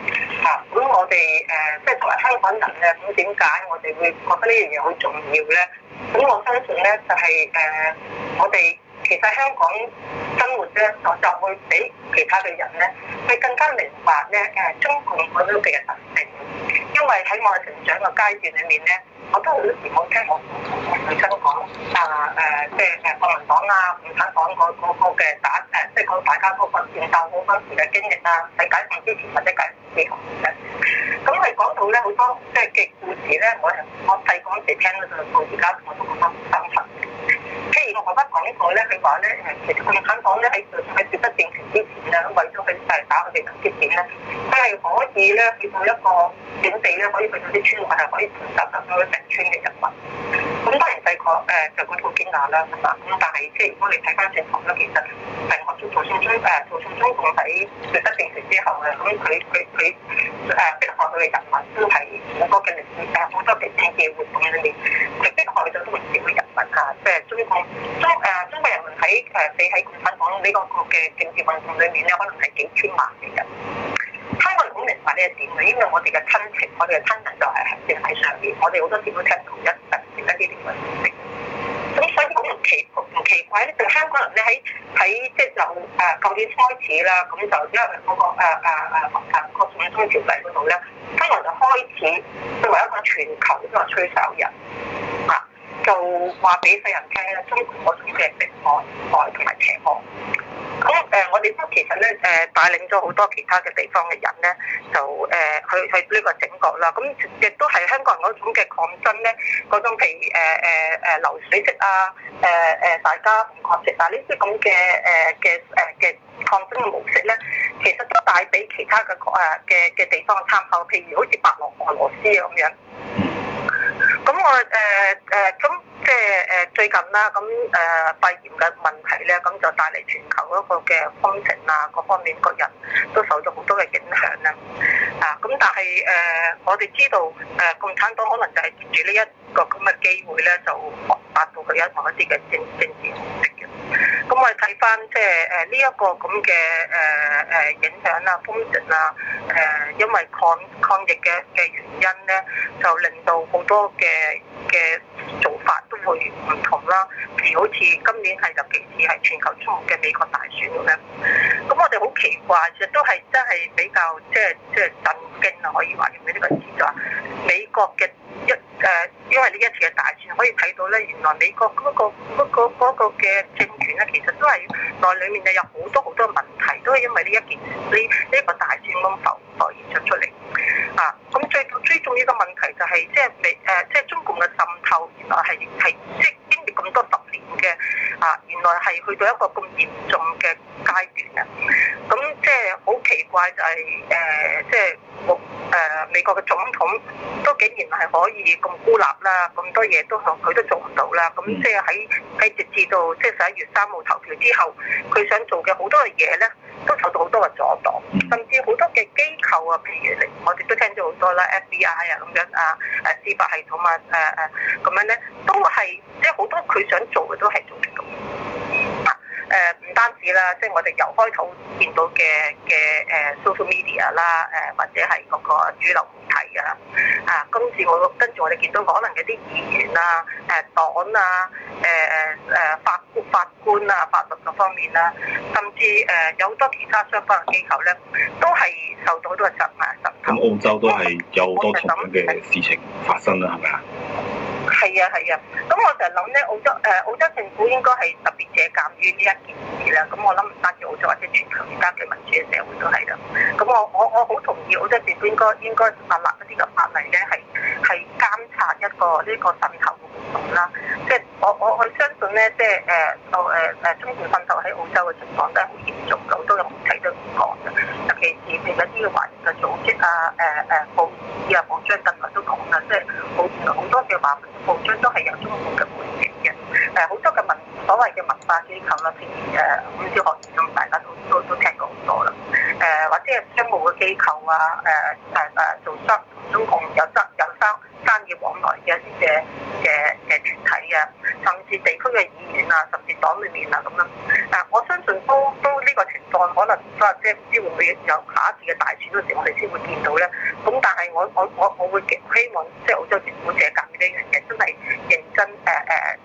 啊，咁我哋誒、啊，即係作為香港人嘅，咁點解我哋會覺得呢樣嘢好重要咧？咁我相信咧，就係、是、誒、啊，我哋。其實香港生活咧，我就會比其他嘅人咧，係更加明白咧誒中共嗰種嘅特性。因為喺我成長嘅階段裏面咧，我都以前我聽我父母同埋父親講啊誒，即係誒國民黨啊、共產黨嗰嗰個嘅、那個、打，誒，即係講大家嗰份戰鬥好多時嘅經歷啊、世界戰之前或者解放之後。咁因為講到咧好多即係嘅故事咧，我我細個時聽嗰陣到而家我都覺得深刻。譬如我爸爸講台咧，佢講咧誒，佢講咧喺喺奪得政權之前啊，咁為咗佢大打佢哋嘅節點咧，佢係可以咧見到一個政地咧，可以去到啲村民係可以聚集到佢成村嘅人民。咁當然細個誒就會好驚訝啦，係、嗯、嘛？咁但係即係如果你睇翻正史咧，其實誒，從從中誒從從中共喺奪得政權之後咧，咁佢佢佢誒逼害佢哋人民，都係好多嘅，但係好多政治嘅活動嗰啲，直接害咗好多人民㗎，即、啊、係。中共中誒中國人民喺誒你喺共產黨呢個國嘅政治運動裏面咧，可能係幾千萬人。香港人好明白呢一點，因為我哋嘅親情，我哋嘅親人就係喺喺上面，我哋好多時都聽同一陣時一啲點嘅。咁所以好唔奇怪，唔奇怪咧，就香港人咧喺喺即係就誒舊年開始啦，咁就因為嗰個誒誒誒誒嗰種通脹勢度咧，香港人就開始作為一個全球嘅吹哨人啊。就話俾世人聽中國嗰種嘅抵抗、抗同埋邪惡。咁誒，我哋都其實咧誒，帶領咗好多其他嘅地方嘅人咧，就誒、呃、去去呢個整個啦。咁亦都係香港人嗰種嘅抗爭咧，嗰種譬如誒誒誒流水式啊，誒、呃、誒大家唔抗式啊呢啲咁嘅誒嘅誒嘅抗爭嘅模式咧，其實都帶俾其他嘅國誒嘅嘅地方參考，譬如好似白羅俄羅斯啊咁樣。咁我誒誒，咁、呃呃、即係誒、呃、最近啦，咁誒肺炎嘅問題咧，咁、嗯、就帶嚟全球嗰個嘅風情啊，各方面各人都受咗好多嘅影響啦。啊，咁但係誒、呃，我哋知道誒、呃，共產黨可能就係趁住呢一個咁嘅機會咧，就發佈佢一同一啲嘅政政治咁我哋睇翻即係誒，呢一個咁嘅誒誒影響啊風情啊，誒，因為抗抗疫嘅嘅原因咧，就令到好多嘅嘅做法都會唔同啦。而好似今年係尤其是係全球矚目嘅美國大選咁樣，咁我哋好奇怪，其實都係真係比較即係即係震驚啊，可以話用呢個詞就話美國嘅。一誒，因為呢一次嘅大戰可以睇到咧，原來美國嗰個嗰個嗰個嘅政權咧，其實都係內裏面咧有好多好多問題，都係因為呢一件呢呢個大戰咁浮浮現咗出嚟。啊，咁最最重要嘅問題就係即係美誒，即係中共嘅滲透，原來係係即。咁多十年嘅啊，原來係去到一個咁嚴重嘅階段啦。咁即係好奇怪就係、是、誒，即係我誒美國嘅總統都竟然係可以咁孤立啦，咁多嘢都佢都做唔到啦。咁即係喺喺直至到即係十一月三號投票之後，佢想做嘅好多嘅嘢咧。都受到好多嘅阻擋，甚至好多嘅機構啊，譬如我哋都聽咗好多啦，FBI 啊咁樣啊，誒司法系統啊，誒誒咁樣咧，都係即係好多佢想做嘅都係做唔到。誒唔單止啦，即係我哋由開頭見到嘅嘅誒 social media 啦，誒或者係嗰個主流媒體啊，啊今次我跟住我哋見到可能嘅啲議員啊、誒黨啊、誒誒法法官啊、法律嗰方面啦，甚至誒有好多其他相關嘅機構咧，都係受到好多責難。咁澳洲都係有好多同樣嘅事情發生啦，係咪啊？係啊係啊，咁我成日諗咧，澳洲誒澳洲政府應該係特別借鑒於呢一件事啦。咁我諗，唔單止澳洲或者全球而家嘅民主嘅社會都係啦。咁我我我好同意澳洲政府應該應該立立一啲嘅法例咧，係係監察一個呢個滲透嘅活動啦。即係我我我相信咧，即係誒誒誒，中國滲透喺澳洲嘅情況都係好嚴重，多都到啊啊、等等都澳洲有媒體都講嘅。尤其是一啲嘅華人嘅組織啊，誒誒報紙啊報章近來都講啦，即係好好多嘅華都係有中國嘅背景嘅，誒，好多嘅文所謂嘅文化機構啦，譬如誒孔子學院咁，大家都都都聽過好多啦，誒或者係商務嘅機構啊，誒誒組織，啊做中共有得有商生意往來嘅嘅嘅嘅團體啊，甚至地區嘅議員啊，甚至黨裏面啊咁樣。嗱，我相信都都呢個情況，可能都即係唔知會唔會有下一次嘅大選嗰時，我哋先會見到咧。咁但係我我我我會極希望即係澳洲政府者間呢啲人嘅真係認真誒誒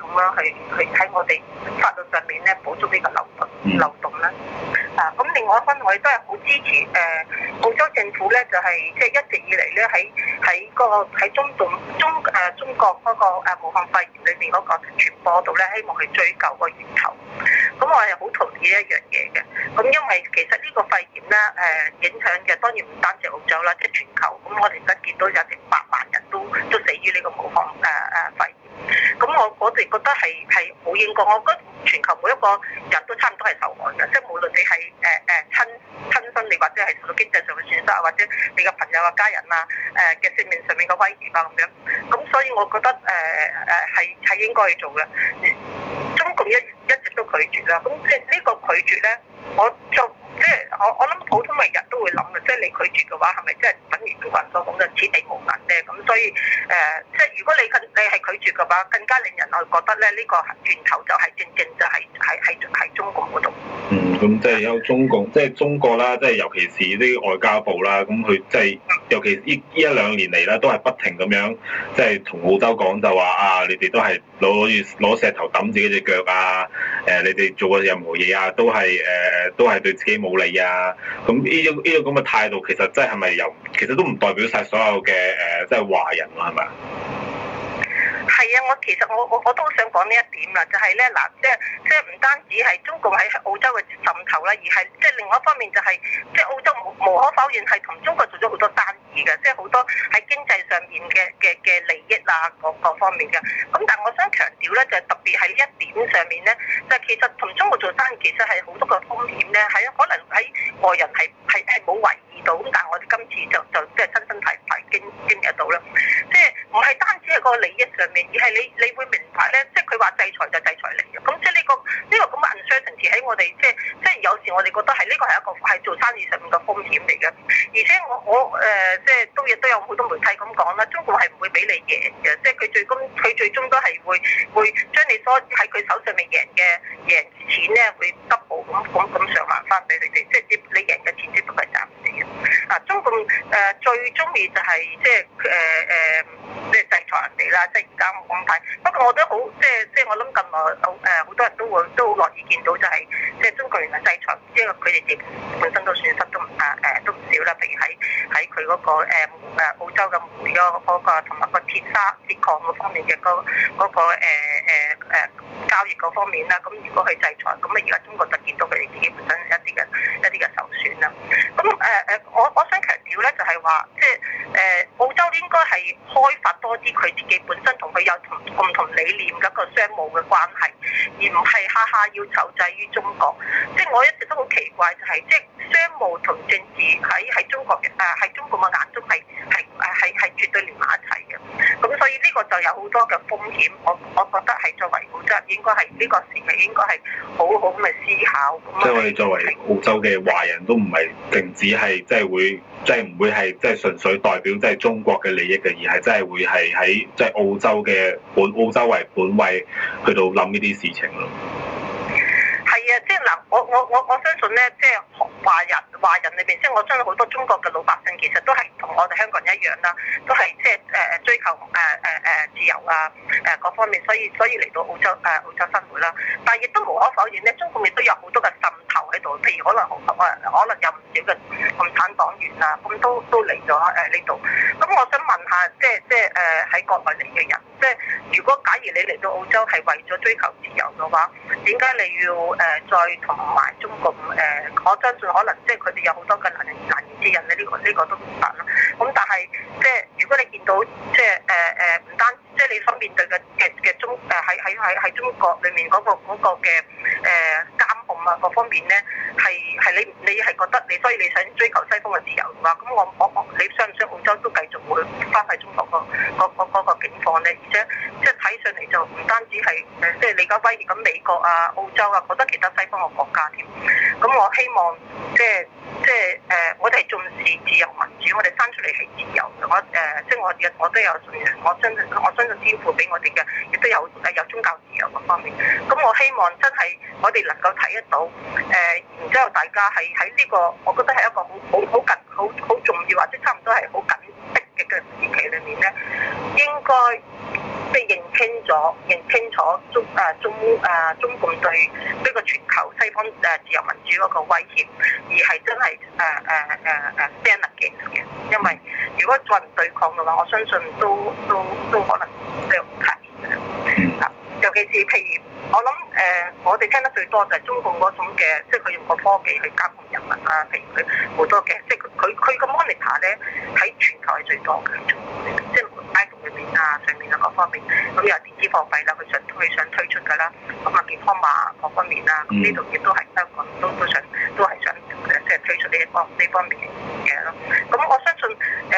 咁樣去去喺我哋法律上面咧補足呢個漏洞漏洞啦。啊咁、嗯、另外一方面我亦都係好支持誒澳洲政府咧，就係即係一直以嚟咧喺。喺嗰喺中東中誒中國嗰個武漢肺炎裏邊嗰個傳播度咧，希望去追究個源頭。咁我又好同意呢一樣嘢嘅。咁因為其實呢個肺炎咧誒影響嘅當然唔單止澳洲啦，即係全球。咁我哋而家見到有成百萬人都都死於呢個武漢誒誒肺炎。咁我我哋覺得係係好應該，我覺得全球每一個人都差唔多係受害嘅，即係無論你係誒誒親親身，你或者係受到經濟上嘅損失啊，或者你嘅朋友啊家人啊誒嘅性命上面嘅威脅啊咁樣，咁所以我覺得誒誒係係應該去做嘅、嗯。中共一一直都拒絕啦，咁即係呢個拒絕咧，我就。即係我我諗普通嘅人都會諗嘅，即係你拒絕嘅話，係咪即係等於中國人所講嘅此地無銀咧？咁所以誒、呃，即係如果你你係拒絕嘅話，更加令人去覺得咧呢、呢個源頭就係正正就係喺喺喺中國嗰度。嗯，咁即係有中國，即、就、係、是、中國啦，即係尤其是啲外交部啦，咁佢即係尤其呢呢一兩年嚟啦，都係不停咁樣即係同澳洲講就話啊，你哋都係攞住攞石頭揼自己隻腳啊！誒，你哋做嘅任何嘢啊，都係誒、啊、都係對自己。冇理啊！咁呢種呢種咁嘅態度，其實真係咪又其實都唔代表晒所有嘅誒，即係華人啦，係咪啊？係啊，我其實我我我都好想講呢一點啦，就係咧嗱，即係即係唔單止係中國喺澳洲嘅滲透啦，而係即係另外一方面就係，即係澳洲無，無可否認係同中國做咗好多生意嘅，即係好多喺經濟上面嘅嘅嘅利益啊，各各方面嘅。咁但係我想強調咧，就係特別喺一點上面咧，就係其實同中國做生意其實係好多個風險咧，係可能喺外人係係係冇懷疑到，咁但係我哋今次就就即係親身體體經經歷到啦，即係。唔係單止係個利益上面，而係你你會明白咧，即係佢話制裁就制裁嚟嘅。咁即係呢個呢、這個咁嘅 uncertainty 喺我哋，即係即係有時我哋覺得係呢個係一個係做生意上面嘅風險嚟嘅。而且我我誒即係都亦都有好多媒體咁講啦，中共係唔會俾你贏嘅，即係佢最終佢最終都係會會將你所喺佢手上面贏嘅贏錢咧，會 double 咁咁咁上還翻俾你哋，即係接你贏嘅錢都係暫時嘅。嗱、啊，中共誒、呃、最中意就係、是、即係誒誒。呃呃即係制裁人哋啦，即而家冇咁睇。不過我都好，即係即係我諗近來，誒好多人都會都好樂意見到就係、是，即係中國原來制裁，因為佢哋自本身都損失都唔誒誒都唔少啦。譬如喺喺佢嗰個誒澳洲嘅嗰嗰個同埋個鐵砂鐵礦嗰方面嘅嗰嗰個誒交易嗰方面啦。咁如果佢制裁，咁啊而家中國就見到佢哋自己本身,、那個那個欸、己本身一啲嘅一啲嘅受損啦。咁誒誒，我我想強調咧，就係話，即係誒澳洲應該係開發。多啲佢自己本身同佢有同共同理念嗰個商務嘅關係，而唔係下下要受制於中國。即係我一直都好奇怪，就是，就係即係商務同政治喺喺中國嘅啊，喺中國嘅眼中係係係係絕對連埋一齊嘅。咁所以呢個就有好多嘅風險，我我覺得係作為澳洲人，應該係呢個時期應該係好好咁嚟思考。即係我哋作為澳洲嘅華人都唔係淨止係即係會。即係唔會係，即係純粹代表即係中國嘅利益嘅，而係真係會係喺即係澳洲嘅本澳洲為本位去到諗呢啲事情咯。即係嗱，我我我我相信咧，即係華人華人裏邊，即係我相信好多中國嘅老百姓其實都係同我哋香港人一樣啦，都係即係誒追求誒誒誒自由啊誒各方面，所以所以嚟到澳洲誒澳洲生活啦。但係亦都無可否認咧，中國面都有好多嘅滲透喺度，譬如可能紅色可能有唔少嘅共產黨員啊，咁都都嚟咗誒呢度。咁我想問下，即係即係誒喺國內嚟嘅人，即係如果假如你嚟到澳洲係為咗追求自由嘅話，點解你要誒？再同埋中共誒、呃，我相信可能即係佢哋有好多困難難言之隱咧，呢個呢個都唔同咯。咁但係即係如果你見到即係誒誒唔單。即係你方面對嘅嘅嘅中，誒喺喺喺喺中國裏面嗰個嗰個嘅誒監控啊各方面咧，係係你你係覺得你所以你想追求西方嘅自由嘅話，咁我我，我你相唔相信澳洲都繼續會關閉中國個個個嗰個境況咧？而且即係睇上嚟就唔單止係誒，即係你家威脅，咁美國啊、澳洲啊，覺得其他西方嘅國家添。咁我希望即係即係誒，我哋重視自由民主，我哋生出嚟係自由我誒，即係我我都有信任，我我呢個天賦俾我哋嘅，亦都有誒有宗教自由嗰方面。咁我希望真係我哋能夠睇得到，誒、呃，然之後大家係喺呢個，我覺得係一個好好好緊好好重要，或者差唔多係好緊迫嘅時期裏面咧，應該。即係認清咗，認清楚中啊中啊中共對呢個全球西方誒自由民主嗰個威脅，而係真係誒誒誒誒 stand against 嘅。因為如果再對抗嘅話，我相信都都都，都可能 fail 唔太嘅。嗯。嗱，尤其是譬如我諗誒，我哋聽得最多就係中共嗰種嘅，即係佢用個科技去監控人民啊，譬如佢好多嘅，即係佢佢佢個 monitor 咧喺全球係最多嘅。上面啊，上面啊各方面，咁又電子貨幣啦，佢想佢想推出噶啦，咁啊健康碼各方面啦，咁呢度亦都係香港都都想都係想即係推出呢一方呢方面嘅嘢咯。咁我相信誒誒、呃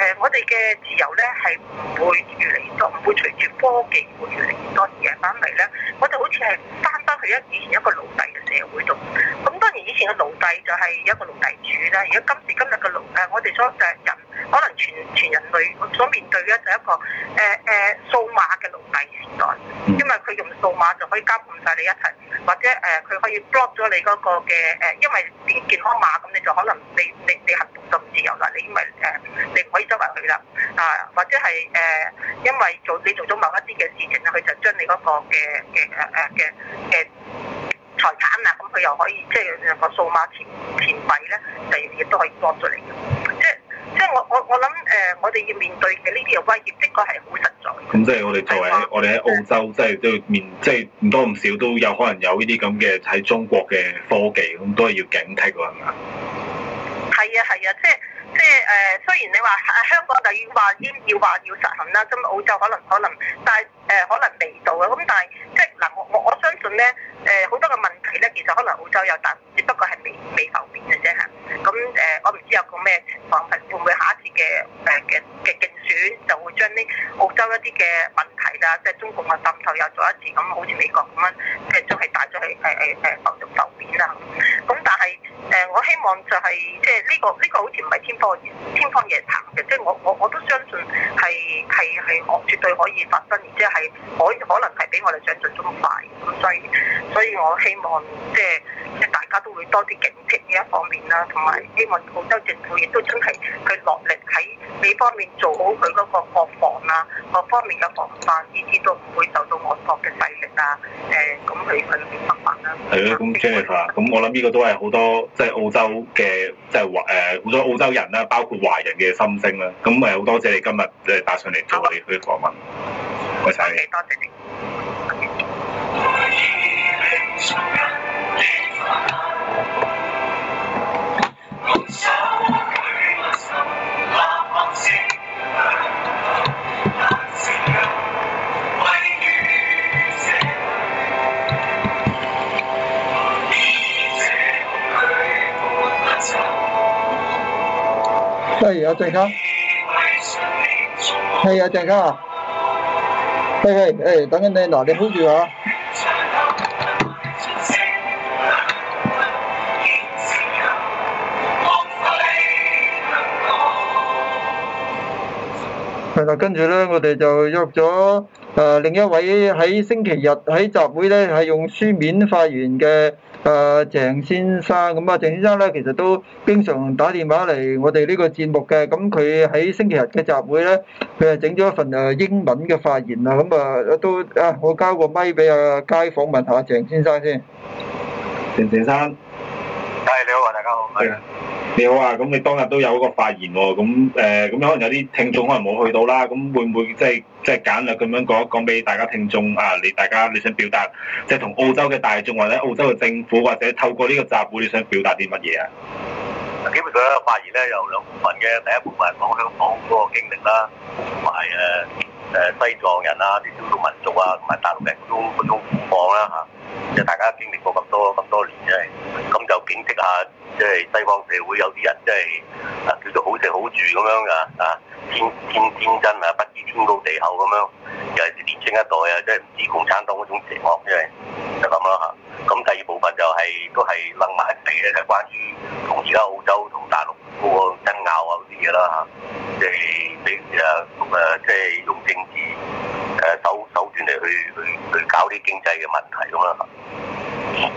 呃，我哋嘅自由咧係唔會越嚟越多，唔會隨住科技會越嚟越多嘅。而反嚟咧，我哋好似係翻返去一以前一個奴隸嘅社會度。咁當然以前嘅奴隸就係一個奴隸主啦，而家今時今日嘅奴誒，我哋所嘅人。可能全全人類所面對嘅就一個誒誒、呃呃、數碼嘅奴隸時代，因為佢用數碼就可以監控晒你一齊，或者誒佢、呃、可以 block 咗你嗰個嘅誒，因為健康碼咁你就可能你你你，你行動就唔自由啦，你咪誒、呃、你唔可以收埋佢啦啊，或者係誒、呃、因為做你做咗某一啲嘅事情咧，佢就將你嗰個嘅嘅誒誒嘅嘅財產嗱，咁佢又可以即係、就是、個數碼錢錢幣咧，就亦都可以 block 咗你。即係我我我諗誒，我哋、呃、要面對嘅呢啲嘅威脅，的確係好實在。咁、嗯、即係我哋作為我哋喺澳洲，啊、即係都面，即係唔多唔少都有可能有呢啲咁嘅喺中國嘅科技，咁都係要警惕喎，係咪啊？係啊係啊，即係。即係誒，雖然你話香港就要話要要話要實行啦，咁澳洲可能可能，但係誒可能未到啊。咁但係即係嗱，我我我相信咧，誒好多嘅問題咧，其實可能澳洲有，但只不過係未未浮面嘅啫嚇。咁誒，我唔知有個咩情況會唔會下一次嘅誒嘅嘅競選就會將呢澳洲一啲嘅問題啦，即係中共嘅滲透又做一次咁，好似美國咁樣嘅，將係帶咗去係係誒浮浮面啦。咁但係誒，我希望就係、係、即係、呢、呢個呢、呢個好似唔係天天方夜譚嘅，即係我我我都相信係係係我絕對可以發生，而且係可可能係比我哋想象中快咁，所以所以我希望即係即係大家都會多啲警惕呢一方面啦，同埋希望澳洲政府亦都真係佢落力喺呢方面做好佢嗰個國防啦，各方面嘅防範，依啲都唔會受到外國嘅勢力啊，誒咁去混亂物品啦。係咯，咁 Jennifer 咁我諗呢個都係好多即係、就是、澳洲嘅即係華誒好多澳洲人包括華人嘅心聲啦，咁啊好多謝你今日即係打上嚟做我哋嘅訪問，唔該曬。係啊，鄭生。係啊，鄭生啊。係係，誒，等緊你攞啲款住啊。係啦，跟住咧，我哋就約咗。誒另一位喺星期日喺集會咧，係用書面發言嘅誒鄭先生，咁啊鄭先生咧其實都經常打電話嚟我哋呢個節目嘅，咁佢喺星期日嘅集會咧，佢係整咗一份誒英文嘅發言啊，咁啊都啊，我交個咪俾啊街坊問下鄭先生先，鄭先生，係，你好啊，大家好。你好啊，咁你當日都有一個發言喎，哦，咁誒，咁、呃、可能有啲聽眾可能冇去到啦，咁會唔會即係即係簡略咁樣講一講俾大家聽眾啊？你大家你想表達，即係同澳洲嘅大眾或者澳洲嘅政府或者透過呢個集會，你想表達啲乜嘢啊？基本上發言咧有兩部分嘅，第一部分係講香港嗰個經歷啦，同埋誒誒西藏人啊啲少數民族啊同埋大陸人都種觀眾講啦嚇。即係大家經歷過咁多咁多年，真係咁就見識下，即係西方社會有啲人，即係啊叫做好食好住咁樣噶啊，天天天真啊，不知天高地厚咁樣，尤其是年輕一代啊，即係唔知共產黨嗰種邪惡，即係就咁啦吓。咁第二部分就係都係楞埋一地咧，就關於同而家澳洲同大陸嗰個爭拗啊嗰啲嘢啦吓，即係俾誒誒即係用政治誒手手段嚟，去去去搞啲經濟嘅問題咁啊。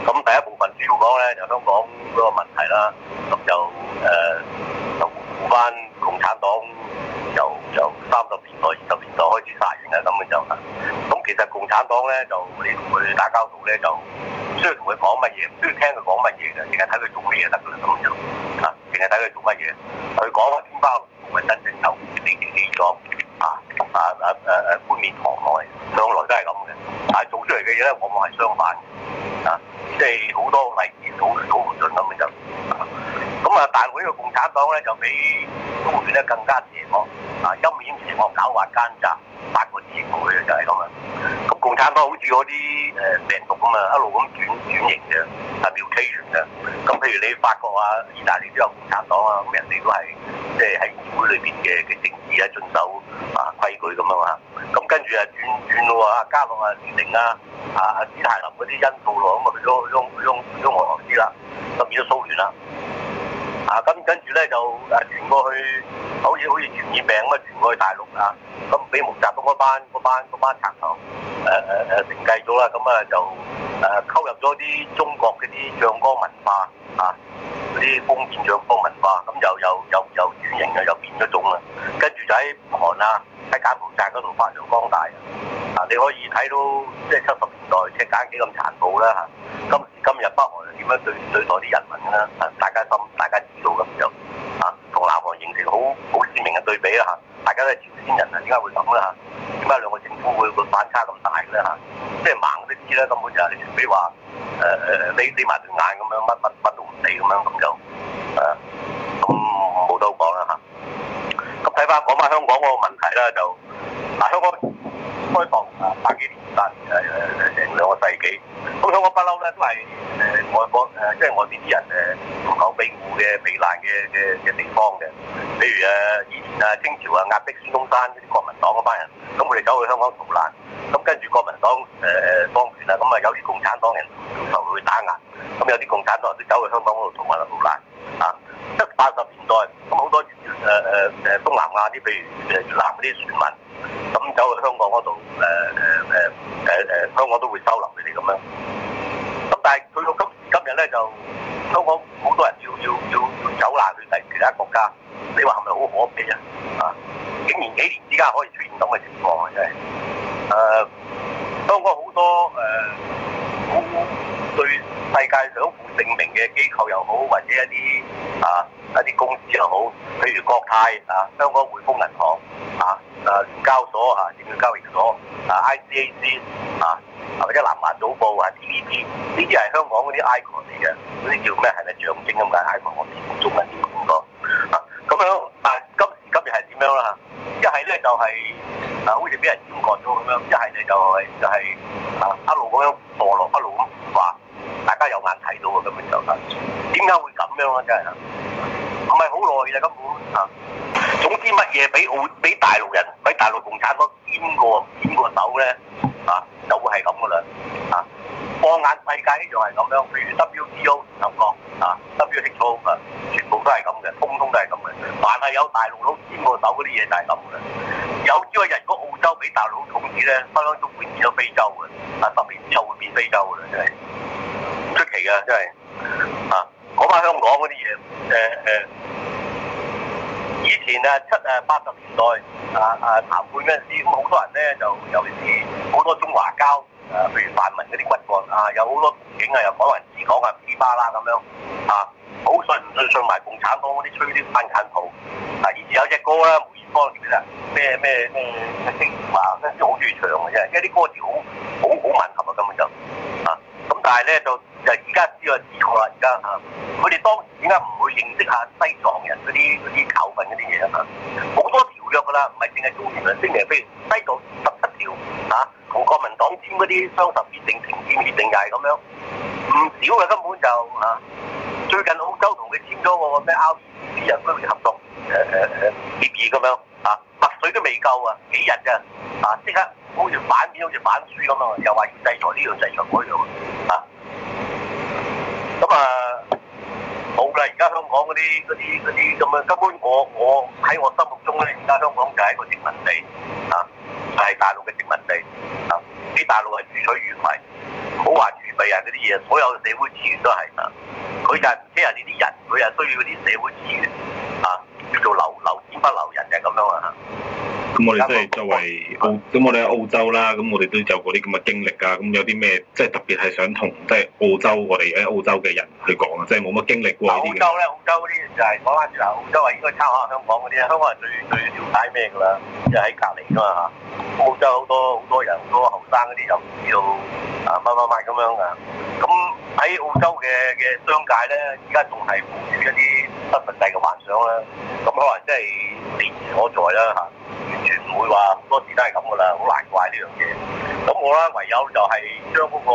咁第一部分主要講咧就香港嗰個問題啦，咁就誒，就翻、呃、共產黨就就三十年代、二十年代開始殺人啦，咁就，咁其實共產黨咧就你同佢打交道咧就，唔需要同佢講乜嘢，唔需要聽佢講乜嘢嘅，淨係睇佢做乜嘢得㗎啦，咁就，啊，淨係睇佢做乜嘢，佢講嘅天花亂墜，真正就你自己自講。啊啊啊！誒、啊、誒，冠、啊、冕堂內向來都係咁嘅，但係做出嚟嘅嘢咧，往往係相反啊！即係好多例子，好好唔準諗嘅。啊咁啊，大陸個共產黨咧就比蘇聯咧更加邪惡，啊陰險邪惡狡猾奸詐，八個字佢啊就係咁啊。咁共產黨好似嗰啲誒病毒咁啊，一路咁轉轉型嘅，啊 mutation 嘅。咁譬如你法國啊、意大利都有共產黨啊，咁人哋都係即係喺議會裏邊嘅嘅政治啊、遵守啊規矩咁啊嘛。咁跟住啊轉轉喎，啊加農啊列寧啊，啊斯泰林嗰啲因素咯，咁啊去咗去咗去咗俄羅斯啦，咁變咗蘇聯啦。啊，咁跟住咧就誒傳過去，好似好似傳染病咁啊，傳過去大陸啊，咁俾毛澤東嗰班、嗰班、嗰班、班賊頭誒，誒誒承繼咗啦，咁、呃、啊就誒溝、啊、入咗啲中國嗰啲醬缸文化。啊！嗰啲封建長方文化，咁又又又又轉型啊，又變咗種啊，跟住就喺北韓啦，喺柬埔寨嗰度發揚光大啊！你可以睇到，即係七十年代赤柬幾咁殘暴啦嚇、啊，今時今日北韓又點樣對待啲人民啦？啊，大家心大家知道咁樣。啊南韓形成好好鮮明嘅對比啦嚇，大家都係朝鮮人啊，點解會咁咧嚇？點解兩個政府會個反差咁大咧嚇？即係盲式知咧，根本就你比如話誒誒，遮遮埋隻眼咁樣，乜乜乜都唔理咁樣咁就誒，咁冇多講啦嚇。咁睇翻講翻香港嗰個問題咧，就嗱香港開放啊百幾年但香港不嬲咧，都係誒外國誒，即係外邊啲人誒，講庇護嘅避難嘅嘅嘅地方嘅。譬如誒以前誒清朝啊壓迫孫中山嗰啲國民黨嗰班人，咁佢哋走去香港逃難。咁跟住國民黨誒誒、呃、當權啦，咁啊有啲共產黨人就會打壓啊。咁有啲共產黨都走去香港嗰度逃難啊，即八十年代，咁好多誒誒誒東南亞啲，譬如誒越南嗰啲船民，咁走去香港嗰度誒誒誒誒誒香港都。而家可以出現咁嘅情況嘅，係誒香港好多誒好、啊、對世界上享負盛名嘅機構又好，或者一啲啊一啲公司又好，譬如國泰啊，香港。走啲嘢就係噉嘅，有朝一日如果澳洲俾大陸統治咧，分分鐘會變咗非洲嘅，啊十年之後會變非洲嘅真係，出奇嘅真係，啊講翻香港嗰啲嘢，誒誒，以前啊七啊八十年代啊啊談判嗰陣時，咁好多人咧就尤其是好多中華膠，啊譬如泛民嗰啲骨幹，啊有好多背景啊又可能自講啊斯巴啦咁樣，啊。好信唔信信埋共產黨嗰啲吹啲反間圖，啊以前有隻歌啦，梅艷芳嚟噶，咩咩咩，即係話咧啲好中意唱嘅啫，因為啲歌詞好好好吻合啊，根本就啊，咁但係咧就就而家知道係錯啦，而家啊，佢哋當時點解唔會認識下西藏人嗰啲嗰啲口吻嗰啲嘢啊？好多條約噶啦，唔係淨係做言論聲明，譬如西藏十七條啊，同國民黨簽嗰啲雙十協定、停戰協定，就係咁樣。唔少啊，根本就嚇，最近澳洲同佢簽咗個咩 Out，啲人區域合作誒誒誒協議咁樣嚇，墨、啊、水都未夠啊，幾日㗎？啊，即刻好似反面好似反書咁啊！又話要制裁呢、這、度、個、制裁嗰、那、樣、個、啊！咁啊冇㗎，而、啊、家香港嗰啲嗰啲嗰啲咁樣，根本我我喺我心目中咧，而家香港就係一個殖民地啊，係、就係、大陸嘅殖民地啊，啲大陸係如取如泥。好話儲備啊！嗰啲嘢，所有社會資源都係啦。佢就唔知係你啲人，佢又需要嗰啲社會資源啊，叫做留留錢不留人嘅咁樣啊。咁我哋即係作為澳，咁我哋喺澳洲啦，咁我哋都有嗰啲咁嘅經歷啊。咁有啲咩，即係特別係想同即係澳洲我哋喺澳洲嘅人去講啊，即係冇乜經歷喎。澳洲咧、就是，澳洲嗰啲就係講翻住澳洲話，應該差唔多香港嗰啲，香港人最最了解咩噶啦，因為喺隔籬噶嘛。澳洲好多好多人都生嗰啲就唔知道啊，買買買咁樣啊，咁喺澳洲嘅嘅商界咧，而家仲係活住一啲不實際嘅幻想啦，咁可能真係年而所在啦嚇，完全唔會話好多時都係咁噶啦，好難怪呢樣嘢。咁我咧唯有就係將嗰個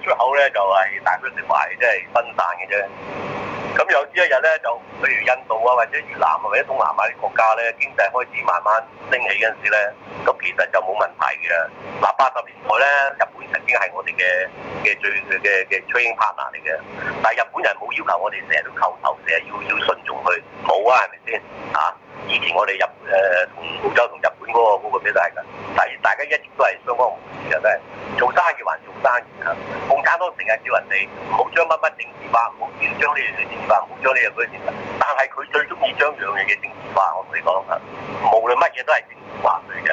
誒出口咧就係大分別埋，即係分散嘅啫。咁有朝一,一日咧，就譬如印度啊，或者越南啊，或者東南亞啲國家咧，經濟開始慢慢升起嗰陣時咧，咁其實就冇問題嘅啦。嗱，八十年代咧，日本曾經係我哋嘅嘅最嘅嘅 training partner 嚟嘅，但係日本人冇要求我哋成日都叩頭，成日要要順從佢，冇啊，係咪先？啊！以前我哋入誒同澳洲同日本嗰個嗰個比例㗎，但係大家一直都係相安無事嘅，都係做生意還做生意啊。共產黨成日叫人哋唔好將乜乜政治化，唔好將呢樣嘢政治化，唔好將呢樣嘢政治化。但係佢最中意將樣嘢嘅政治化，我同你講啊。無論乜嘢都係政治化嚟嘅，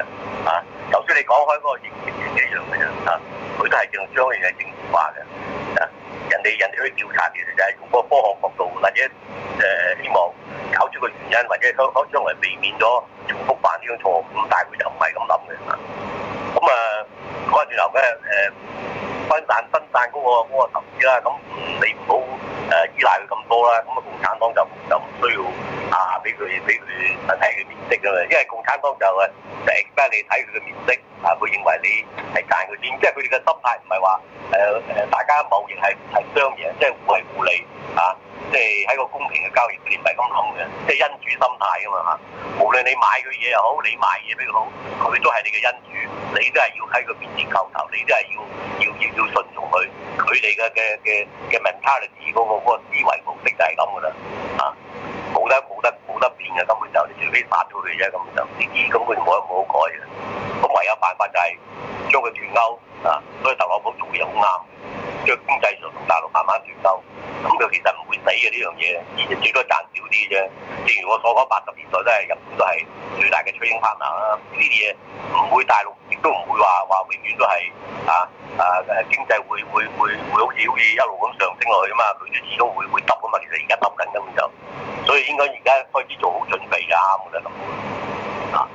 啊，就算你講開嗰個政治唔一樣嘅人，啊，佢都係仲將嗰樣嘢政治化嘅，啊人哋人哋去調查，其實就係用個科學角度，或者誒、呃、希望找出個原因，或者將將來避免咗重複犯呢種錯誤。但係，佢就唔係咁諗嘅。咁啊，講下轉頭咧誒。呃分散分散嗰個嗰個投資啦，咁你唔好誒依賴佢咁多啦，咁啊共產黨就就唔需要啊俾佢俾佢睇佢面色㗎啊，因為共產黨就係成日你睇佢嘅面色，啊，會認為你係賺佢錢，即係佢哋嘅心態唔係話誒誒大家貿易係係雙贏，即係互惠互利啊。即係喺個公平嘅交易，你唔係咁諗嘅，即係恩主心態啊嘛嚇！無論你買佢嘢又好，你賣嘢畀佢好，佢都係你嘅恩主，你都係要喺佢面前叩頭，你都係要要要要順從佢，佢哋嘅嘅嘅嘅 mentality 嗰個嗰個思維模式就係咁噶啦，啊冇得冇得冇得變嘅根本就，你除非殺咗佢啫咁就，呢啲根本冇得冇得改嘅，咁唯有辦法就係將佢斷勾啊，所以特朗普做嘢好啱。在經濟上同大陸慢慢接收，咁佢其實唔會死嘅呢樣嘢，最多賺少啲啫。正如我所講，八十年代都係日本都係最大嘅推進 partner 啦，呢啲嘢唔會大陸亦都唔會話話永遠都係啊啊經濟會會會會,會好似好似一路咁上升落去啊嘛，佢始終會會耷啊嘛，其實而家揼緊咁就，所以應該而家開始做好準備㗎咁樣諗啊，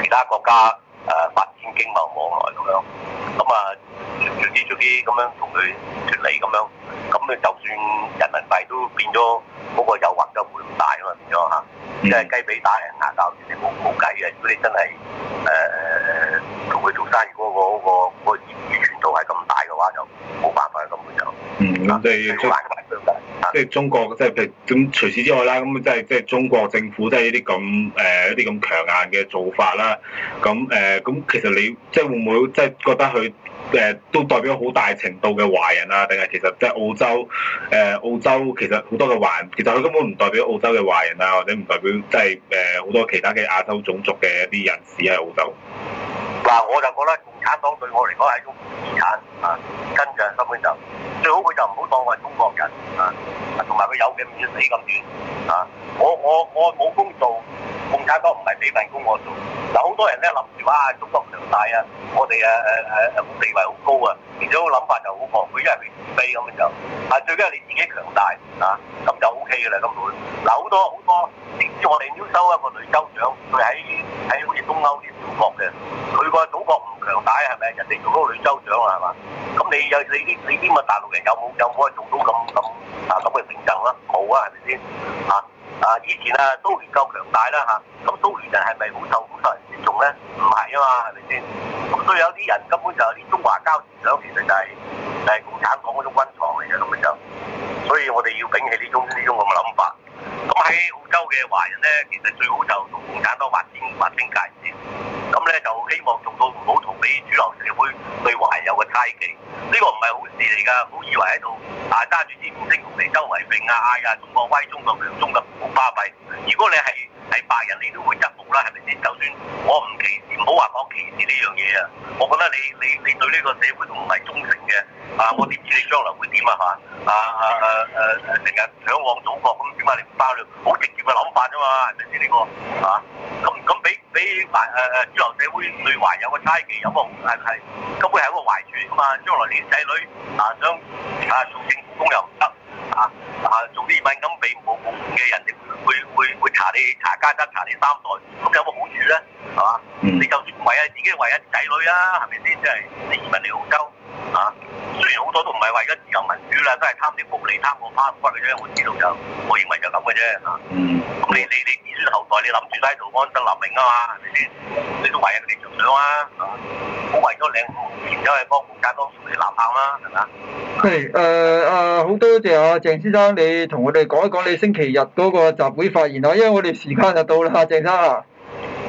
其他國家。誒發展經貿往來咁樣，咁啊，逐啲逐啲咁樣同佢脫離咁樣，咁你就算人民幣都變咗嗰個誘惑都唔大啊嘛，變咗嚇，即係雞髀打人牙，但係你冇冇計嘅，如果你真係誒同佢做生意，嗰個嗰個嗰個傳傳播係咁大嘅話，就冇辦法，咁佢就，啊、嗯，我哋出即係中國，即係即係咁。除此之外啦，咁即係即係中國政府即係呢啲咁誒一啲咁強硬嘅做法啦。咁誒咁，其實你即係會唔會即係覺得佢誒都代表好大程度嘅華人啊？定係其實即係澳洲誒、呃、澳洲其實好多嘅華人，其實佢根本唔代表澳洲嘅華人啊，或者唔代表即係誒好多其他嘅亞洲種族嘅一啲人士喺澳洲。嗱，我就覺得產黨對我嚟講係一種資產啊，跟住根本就最好佢就唔好當我係中國人啊，同埋佢有嘅唔要死咁短啊！我我我冇工做，共產黨唔係畀份工我做，嗱、啊、好多人咧諗住哇，中國強大啊，我哋誒誒誒地位好高而且啊，變咗個諗法就好惡，佢因為自卑咁就，但最緊要你自己強大啊，咁就 O K 嘅啦根本，嗱好多好多，你知我哋要收一個雷州長，佢喺喺好似東歐啲小國嘅，佢個祖國唔強。解係咪？人哋做咗女州長係嘛？咁你有你啲你啲咪大陸人有冇有冇係做到咁咁啊咁嘅成就啊？冇啊，係咪先？啊啊！以前啊，蘇聯夠強大啦嚇，咁蘇聯人係咪好受好受人尊重咧？唔係啊嘛，係咪先？咁所以有啲人根本就係啲中華膠原想，其實就係、是、係、就是、共產黨嗰種軍創嚟嘅咁嘅就，所以我哋要摒棄呢種呢種咁嘅諗法。咁喺澳洲嘅華人咧，其實最好就同共產黨劃清，劃清界線。咁咧就希望做到唔好同你主流社會對華有個猜忌，呢、這個唔係好事嚟㗎。唔好以為喺度啊揸住鮮紅色紅旗周圍鳴啊嗌啊，中國威、中國強、中國好巴閉。如果你係係白人，你都會質暴啦，係咪先？就算我唔歧視，唔好話講歧視呢樣嘢啊。我覺得你你你對呢個社會唔係忠誠嘅啊！我點知你將來會點啊？嚇啊啊啊啊！成、啊啊啊、日想往祖國咁，點、啊、解你唔包你好直接嘅諗法啫嘛，係咪先呢個？嚇咁咁俾。俾埋誒、誒主流社會對華有個猜忌，有冇？係，係根本係一個壞處咁啊！將來你仔女啊，想啊做政府工又唔得啊，啊做啲敏感避冇保險嘅人哋會會會查你查家得查你三代，咁有冇好處咧？係 嘛樂？你就算唔係啊，自己為一仔女啊，係咪先？即係移民嚟澳洲。 啊，雖然好多都唔係為咗自由民主啦，都係貪啲福利，貪我翻骨嘅啫。我知道就，我認為就咁嘅啫。嗯。咁你你你子孫後代，你諗住喺度安身立命啊嘛，係咪先？你都為咗你着想啊，唔好為咗領錢走去幫國家多出嚟拿客啦，係咪啊？係誒誒，好、欸呃、多謝啊鄭先生，你同我哋講一講你星期日嗰個集會發言啊，因為我哋時間就到啦，鄭生啊。好嘅、okay, okay, okay，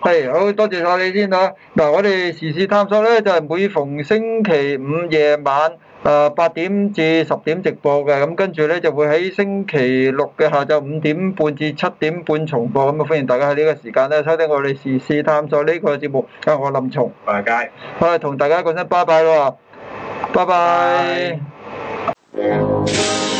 好嘅。係，好多謝晒你先嚇。嗱、啊，我哋時事探索咧，就係、是、每逢星期五夜晚，誒、呃、八點至十點直播嘅。咁跟住咧，就會喺星期六嘅下晝五點半至七點半重播。咁、嗯、啊，歡迎大家喺呢個時間咧，收聽我哋時事探索呢個節目。交、啊、我林松。拜拜！我哋同大家講聲拜拜咯，拜拜。拜拜。